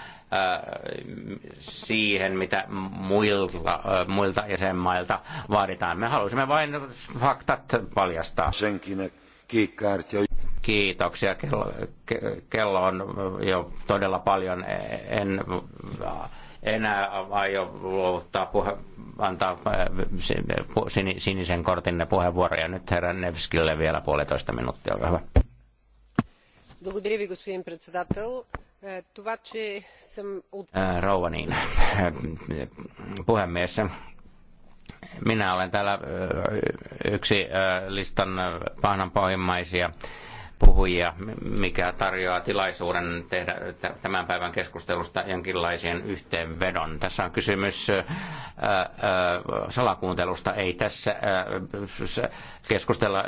siihen, mitä muilta, muilta jäsenmailta vaaditaan. Me halusimme vain faktat paljastaa. Senkin kiikkaartio Kiitoksia. Kello, kello on jo todella paljon. En enää aio luovuttaa puhe, antaa eh, sinisen kortin puheenvuoroja. Nyt herra Nevskille vielä puolitoista minuuttia. Olkaa hyvä. Благодаря Rouva niin, puhemies, minä olen täällä yksi listan äh, pahnanpohjimmaisia pohjimmaisia puhujia, mikä tarjoaa tilaisuuden tehdä tämän päivän keskustelusta jonkinlaisen yhteenvedon. Tässä on kysymys salakuuntelusta. Ei tässä keskustella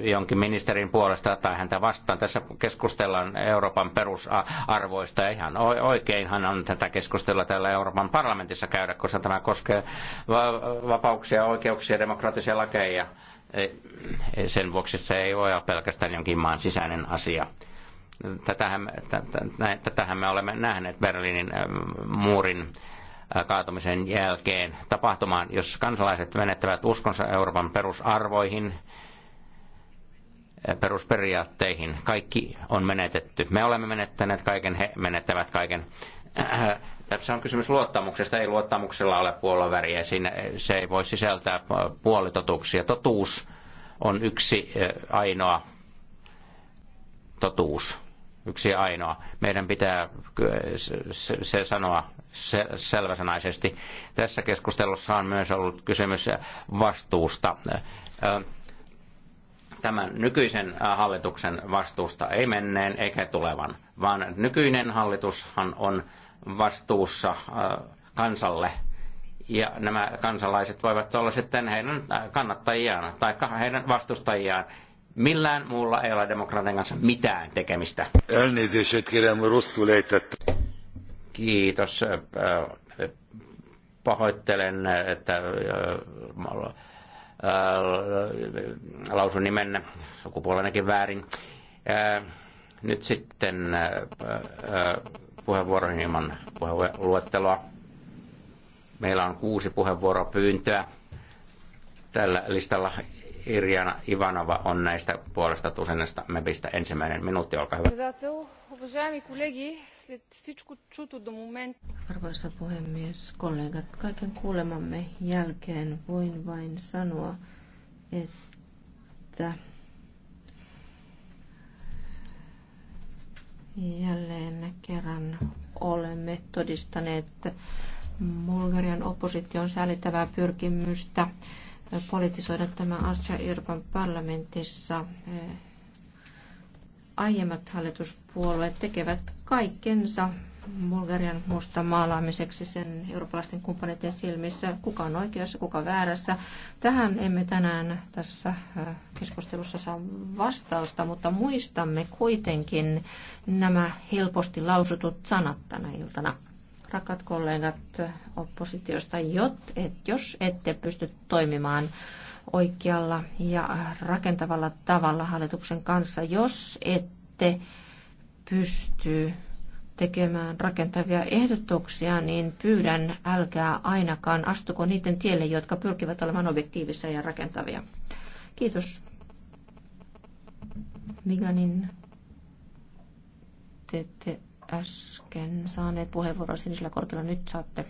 jonkin ministerin puolesta tai häntä vastaan. Tässä keskustellaan Euroopan perusarvoista. Ihan oikeinhan on tätä keskustelua täällä Euroopan parlamentissa käydä, koska tämä koskee vapauksia, oikeuksia, demokraattisia lakeja sen vuoksi se ei ole pelkästään jonkin maan sisäinen asia. Tätähän, tätähän me olemme nähneet Berliinin muurin kaatumisen jälkeen tapahtumaan, jos kansalaiset menettävät uskonsa Euroopan perusarvoihin, perusperiaatteihin. Kaikki on menetetty. Me olemme menettäneet kaiken, he menettävät kaiken. Tässä on kysymys luottamuksesta. Ei luottamuksella ole puolueväriä. Siinä, eh, se ei voi sisältää puolitotuuksia. Totuus on yksi eh, ainoa totuus. Yksi ainoa. Meidän pitää eh, se, sanoa selväsanaisesti. Tässä keskustelussa on myös ollut kysymys vastuusta tämän nykyisen hallituksen vastuusta, ei menneen eikä tulevan, vaan nykyinen hallitushan on vastuussa äh, kansalle. Ja nämä kansalaiset voivat olla sitten heidän äh, kannattajiaan tai heidän vastustajiaan. Millään muulla ei ole demokratian kanssa mitään tekemistä. Kiitos. Pahoittelen, että lausun nimen sukupuolenakin väärin. Nyt sitten puheenvuoroihin ilman puheenluetteloa. Meillä on kuusi puheenvuoropyyntöä. Tällä listalla Irjana Ivanova on näistä puolesta tusennasta mepistä ensimmäinen minuutti, olkaa hyvä. Arvoisa puhemies, kollegat, kaiken kuulemamme jälkeen voin vain sanoa, että Jälleen kerran olemme todistaneet Bulgarian opposition säälittävää pyrkimystä politisoida tämä asia Irpan parlamentissa. Eh, aiemmat hallituspuolueet tekevät kaikkensa Bulgarian musta maalaamiseksi sen eurooppalaisten kumppaneiden silmissä. Kuka on oikeassa, kuka väärässä. Tähän emme tänään tässä keskustelussa saa vastausta, mutta muistamme kuitenkin nämä helposti lausutut sanat tänä iltana. Rakat kollegat oppositiosta, jot, et, jos ette pysty toimimaan oikealla ja rakentavalla tavalla hallituksen kanssa, jos ette pysty tekemään rakentavia ehdotuksia, niin pyydän älkää ainakaan astuko niiden tielle, jotka pyrkivät olemaan objektiivisia ja rakentavia. Kiitos. Miganin te, ette äsken saaneet puheenvuoron sinisellä korkealla. Nyt saatte.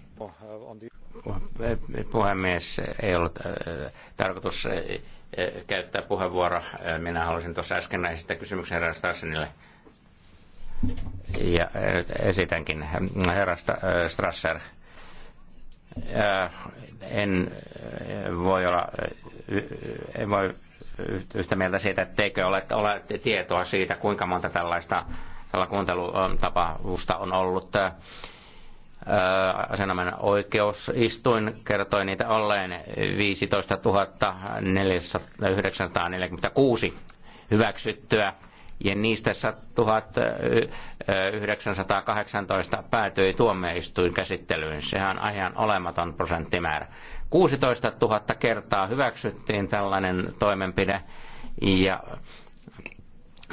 Puhemies, ei ollut äh, tarkoitus äh, äh, käyttää puheenvuoroa. Minä halusin tuossa äsken näistä kysymyksiä herra Starsenille ja esitänkin Herrasta Strasser, en voi olla, en voi yhtä mieltä siitä, etteikö ole, ole tietoa siitä, kuinka monta tällaista kuuntelutapausta on ollut. Asenomen oikeusistuin kertoi niitä olleen 15 446 hyväksyttyä ja niistä 1918 päätyi tuomioistuin käsittelyyn. Sehän on ihan olematon prosenttimäärä. 16 000 kertaa hyväksyttiin tällainen toimenpide ja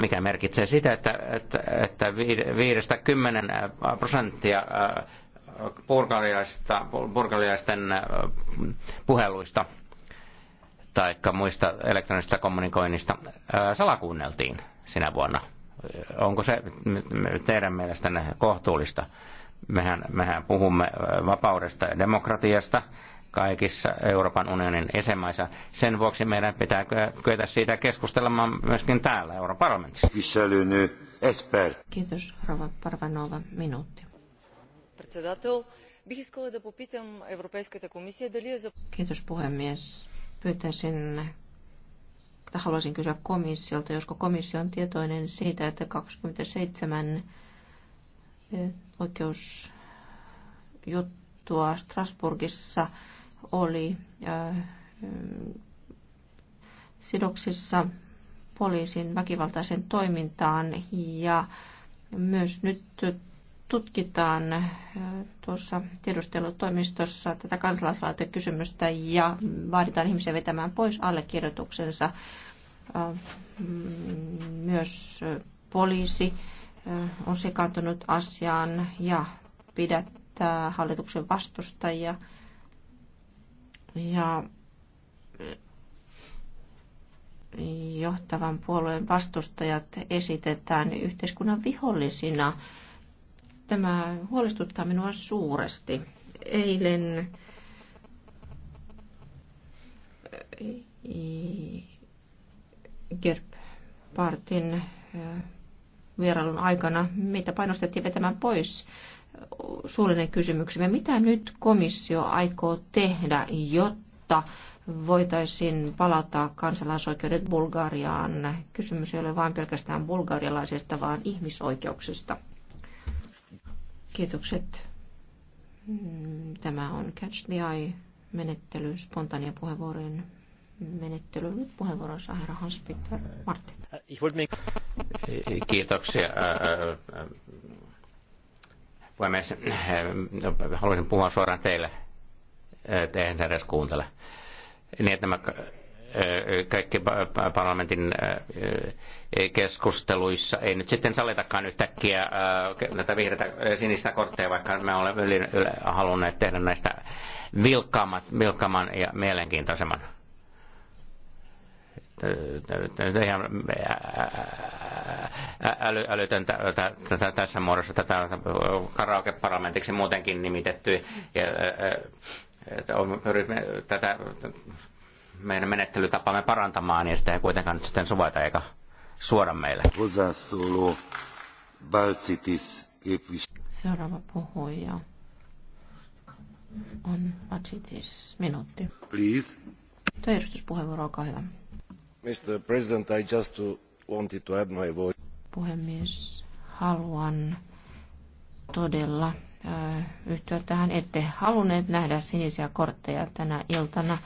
mikä merkitsee sitä, että, että, että 5-10 prosenttia purkaliaisten puheluista tai muista elektronisesta kommunikoinnista salakuunneltiin sinä vuonna. Onko se teidän mielestänne kohtuullista? Mehän, mehän puhumme vapaudesta ja demokratiasta kaikissa Euroopan unionin jäsenmaissa. Sen vuoksi meidän pitää kyetä siitä keskustelemaan myöskin täällä Euroopan parlamentissa. Kiitos, Rova Parvanova. Minuutti. Kiitos, puhemies Pyytäisin, tai haluaisin kysyä komissiolta, josko komissio on tietoinen siitä, että 27 eh, oikeusjuttua Strasburgissa oli eh, sidoksissa poliisin väkivaltaiseen toimintaan ja myös nyt tutkitaan äh, tuossa tiedustelutoimistossa tätä kansalaisaloitekysymystä ja vaaditaan ihmisiä vetämään pois allekirjoituksensa. Äh, mm, myös äh, poliisi on sekaantunut asiaan ja pidättää hallituksen vastustajia. Ja johtavan puolueen vastustajat esitetään yhteiskunnan vihollisina Tämä huolestuttaa minua suuresti. Eilen Gerb Partin vierailun aikana mitä painostettiin vetämään pois suullinen kysymyksemme. Mitä nyt komissio aikoo tehdä, jotta voitaisiin palata kansalaisoikeudet Bulgariaan? Kysymys ei ole vain pelkästään bulgarialaisesta, vaan ihmisoikeuksista. Kiitokset. Tämä on Catch the Eye-menettely, spontaania puheenvuorojen menettely. Nyt puheenvuoron saa herra Hans-Peter Martin. Kiitoksia puhemies, haluaisin puhua suoraan teille, te edes kuuntele. Niin, että nämä kaikki parlamentin keskusteluissa ei nyt sitten saletakaan yhtäkkiä näitä vihreitä sinistä kortteja, vaikka me olemme yli, yli, halunneet tehdä näistä vilkkaamman, vilkkaamman ja mielenkiintoisemman ihan äly, älytöntä tässä muodossa, tätä karaoke-parlamentiksi muutenkin nimitetty. Ja, on, tätä meidän menettelytapamme parantamaan ja sitä ei kuitenkaan sitten suvaita eikä suoda meille. Seuraava puhuja on Vatsitis minuutti. Please. Työjärjestyspuheenvuoro, olkaa hyvä. Mr. President, I just wanted to add my voice. Puhemies, haluan todella yhtyä tähän. Ette halunneet nähdä sinisiä kortteja tänä iltana.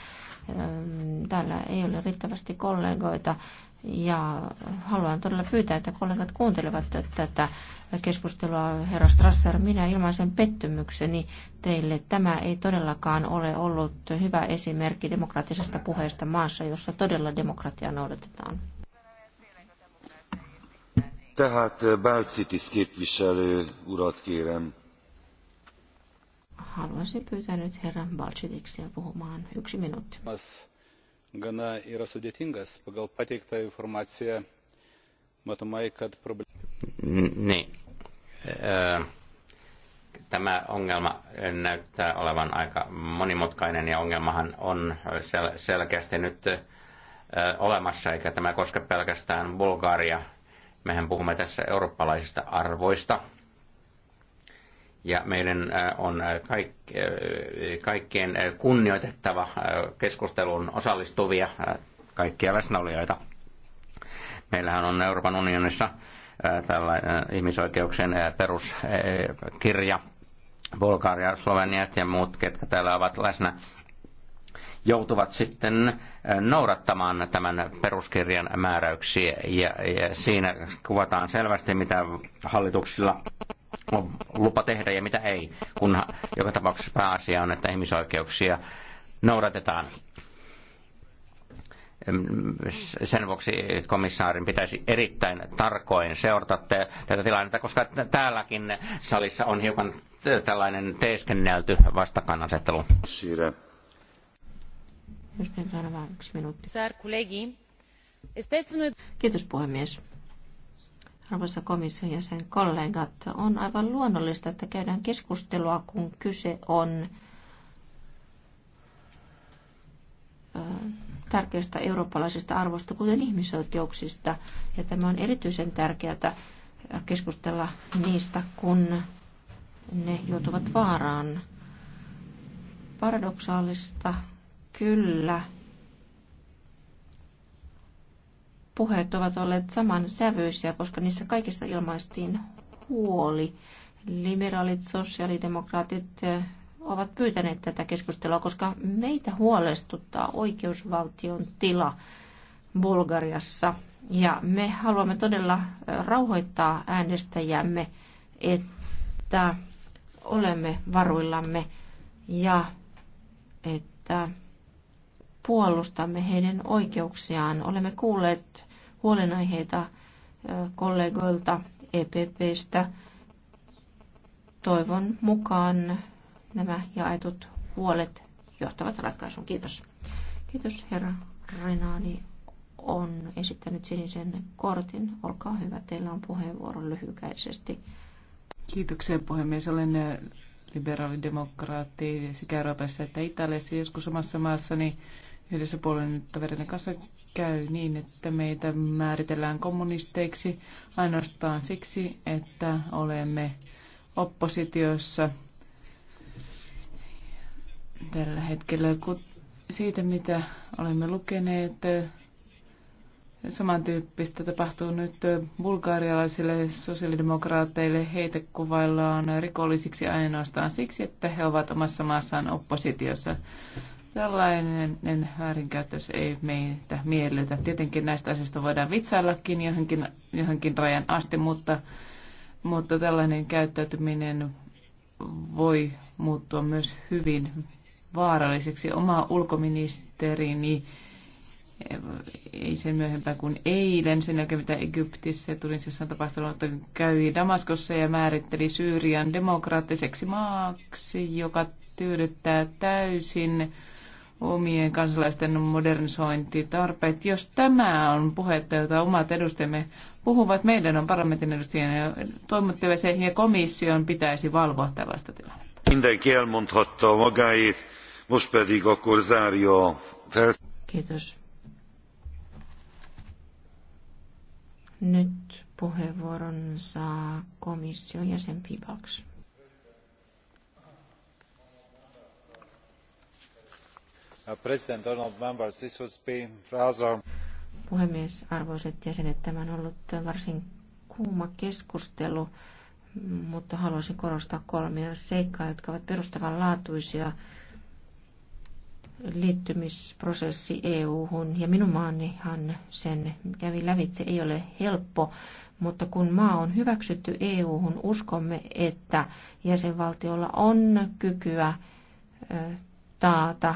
Ehm, täällä ei ole riittävästi kollegoita ja haluan todella pyytää, että kollegat kuuntelevat tätä keskustelua. Herra Strasser, minä ilmaisen pettymykseni teille. Tämä ei todellakaan ole ollut hyvä esimerkki demokraattisesta puheesta maassa, jossa todella demokratia noudatetaan. Tehát Balcitis képviselő urat kérem Haluaisin pyytää nyt herran Balchidiksiä puhumaan yksi minuutti. Gana yra sudėtingas. Pagal pateiktą informaciją matomai, kad Niin. Tämä ongelma näyttää olevan aika monimutkainen ja ongelmahan on sel- selkeästi nyt olemassa, eikä tämä koske pelkästään Bulgaria. Mehän puhumme tässä eurooppalaisista arvoista – ja meidän äh, on äh, äh, kaikkien kunnioitettava keskustelun osallistuvia, kaikkia läsnäolijoita. Meillähän on Euroopan unionissa tällainen ihmisoikeuksien peruskirja, Bulgaria, Sloveniat ja muut, ketkä täällä ovat läsnä, joutuvat sitten noudattamaan tämän peruskirjan määräyksiä ja, ja siinä kuvataan selvästi, mitä hallituksilla lupa tehdä ja mitä ei, kun joka tapauksessa pääasia on, että ihmisoikeuksia noudatetaan. Sen vuoksi komissaarin pitäisi erittäin tarkoin seurata te, tätä tilannetta, koska täälläkin salissa on hiukan tällainen teeskennelty vastakkainasettelu. Siirrä. Kiitos puhemies arvoisa komission jäsen kollegat, on aivan luonnollista, että käydään keskustelua, kun kyse on tärkeistä eurooppalaisista arvoista, kuten ihmisoikeuksista. Ja tämä on erityisen tärkeää keskustella niistä, kun ne joutuvat vaaraan. Paradoksaalista kyllä puheet ovat olleet samansävyisiä, koska niissä kaikissa ilmaistiin huoli. Liberaalit, sosiaalidemokraatit ovat pyytäneet tätä keskustelua, koska meitä huolestuttaa oikeusvaltion tila Bulgariassa. Ja me haluamme todella rauhoittaa äänestäjämme, että olemme varuillamme ja että puolustamme heidän oikeuksiaan. Olemme kuulleet huolenaiheita kollegoilta EPPstä. Toivon mukaan nämä jaetut huolet johtavat ratkaisuun. Kiitos. Kiitos herra Renani on esittänyt sinisen kortin. Olkaa hyvä, teillä on puheenvuoro lyhykäisesti. Kiitoksia puhemies. Olen liberaalidemokraatti sekä Euroopassa että Italiassa. Joskus omassa maassani yhdessä puolueen kanssa käy niin, että meitä määritellään kommunisteiksi ainoastaan siksi, että olemme oppositiossa tällä hetkellä. Kun siitä, mitä olemme lukeneet, samantyyppistä tapahtuu nyt bulgaarialaisille sosiaalidemokraateille. Heitä kuvaillaan rikollisiksi ainoastaan siksi, että he ovat omassa maassaan oppositiossa. Tällainen väärinkäytös ei meitä miellytä. Tietenkin näistä asioista voidaan vitsaillakin johonkin, johonkin rajan asti, mutta, mutta tällainen käyttäytyminen voi muuttua myös hyvin vaaralliseksi. Oma ulkoministerini ei sen myöhempään kuin eilen, sen jälkeen mitä Egyptissä ja Tunisissa siis on tapahtunut, että kävi Damaskossa ja määritteli Syyrian demokraattiseksi maaksi, joka tyydyttää täysin omien kansalaisten modernisointitarpeet. Jos tämä on puhetta, jota omat edustajamme puhuvat, meidän on parlamentin edustajien ja toimittavisen ja komission pitäisi valvoa tällaista tilannetta. Mindenki elmondhatta magáét, most pedig akkor zárja fel... Kiitos. Nyt puheenvuoron saa komission jäsen Pibaks. Uh, Puhemies, arvoisat jäsenet, tämä on ollut varsin kuuma keskustelu, mutta haluaisin korostaa kolmea seikkaa, jotka ovat perustavanlaatuisia liittymisprosessi EU-hun ja minun maanihan sen kävi lävitse, ei ole helppo, mutta kun maa on hyväksytty EU-hun, uskomme, että jäsenvaltiolla on kykyä taata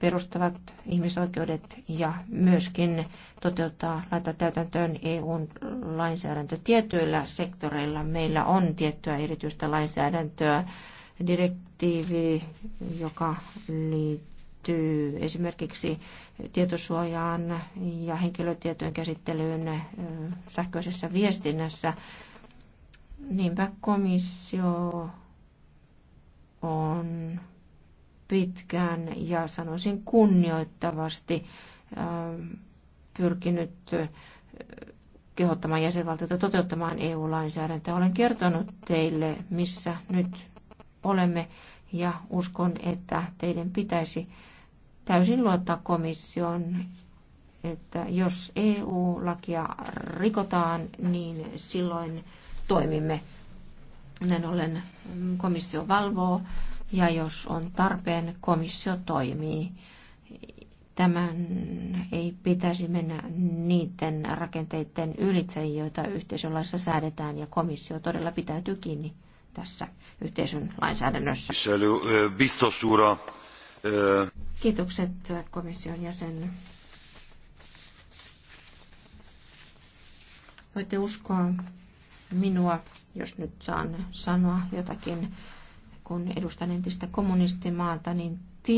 perustavat ihmisoikeudet ja myöskin toteuttaa, laittaa täytäntöön EUn lainsäädäntö. Tietyillä sektoreilla meillä on tiettyä erityistä lainsäädäntöä. Direktiivi, joka liittyy esimerkiksi tietosuojaan ja henkilötietojen käsittelyyn sähköisessä viestinnässä. Niinpä komissio on pitkään ja sanoisin kunnioittavasti pyrkinyt kehottamaan jäsenvaltiota toteuttamaan EU-lainsäädäntöä. Olen kertonut teille, missä nyt olemme ja uskon, että teidän pitäisi täysin luottaa komissioon, että jos EU-lakia rikotaan, niin silloin toimimme. Näin ollen komissio valvoo ja jos on tarpeen, komissio toimii. Tämän ei pitäisi mennä niiden rakenteiden ylitse, joita laissa säädetään, ja komissio todella pitäytyy kiinni tässä yhteisön lainsäädännössä. Kiitokset komission jäsen. Voitte uskoa minua, jos nyt saan sanoa jotakin kun edustan entistä kommunistimaata, niin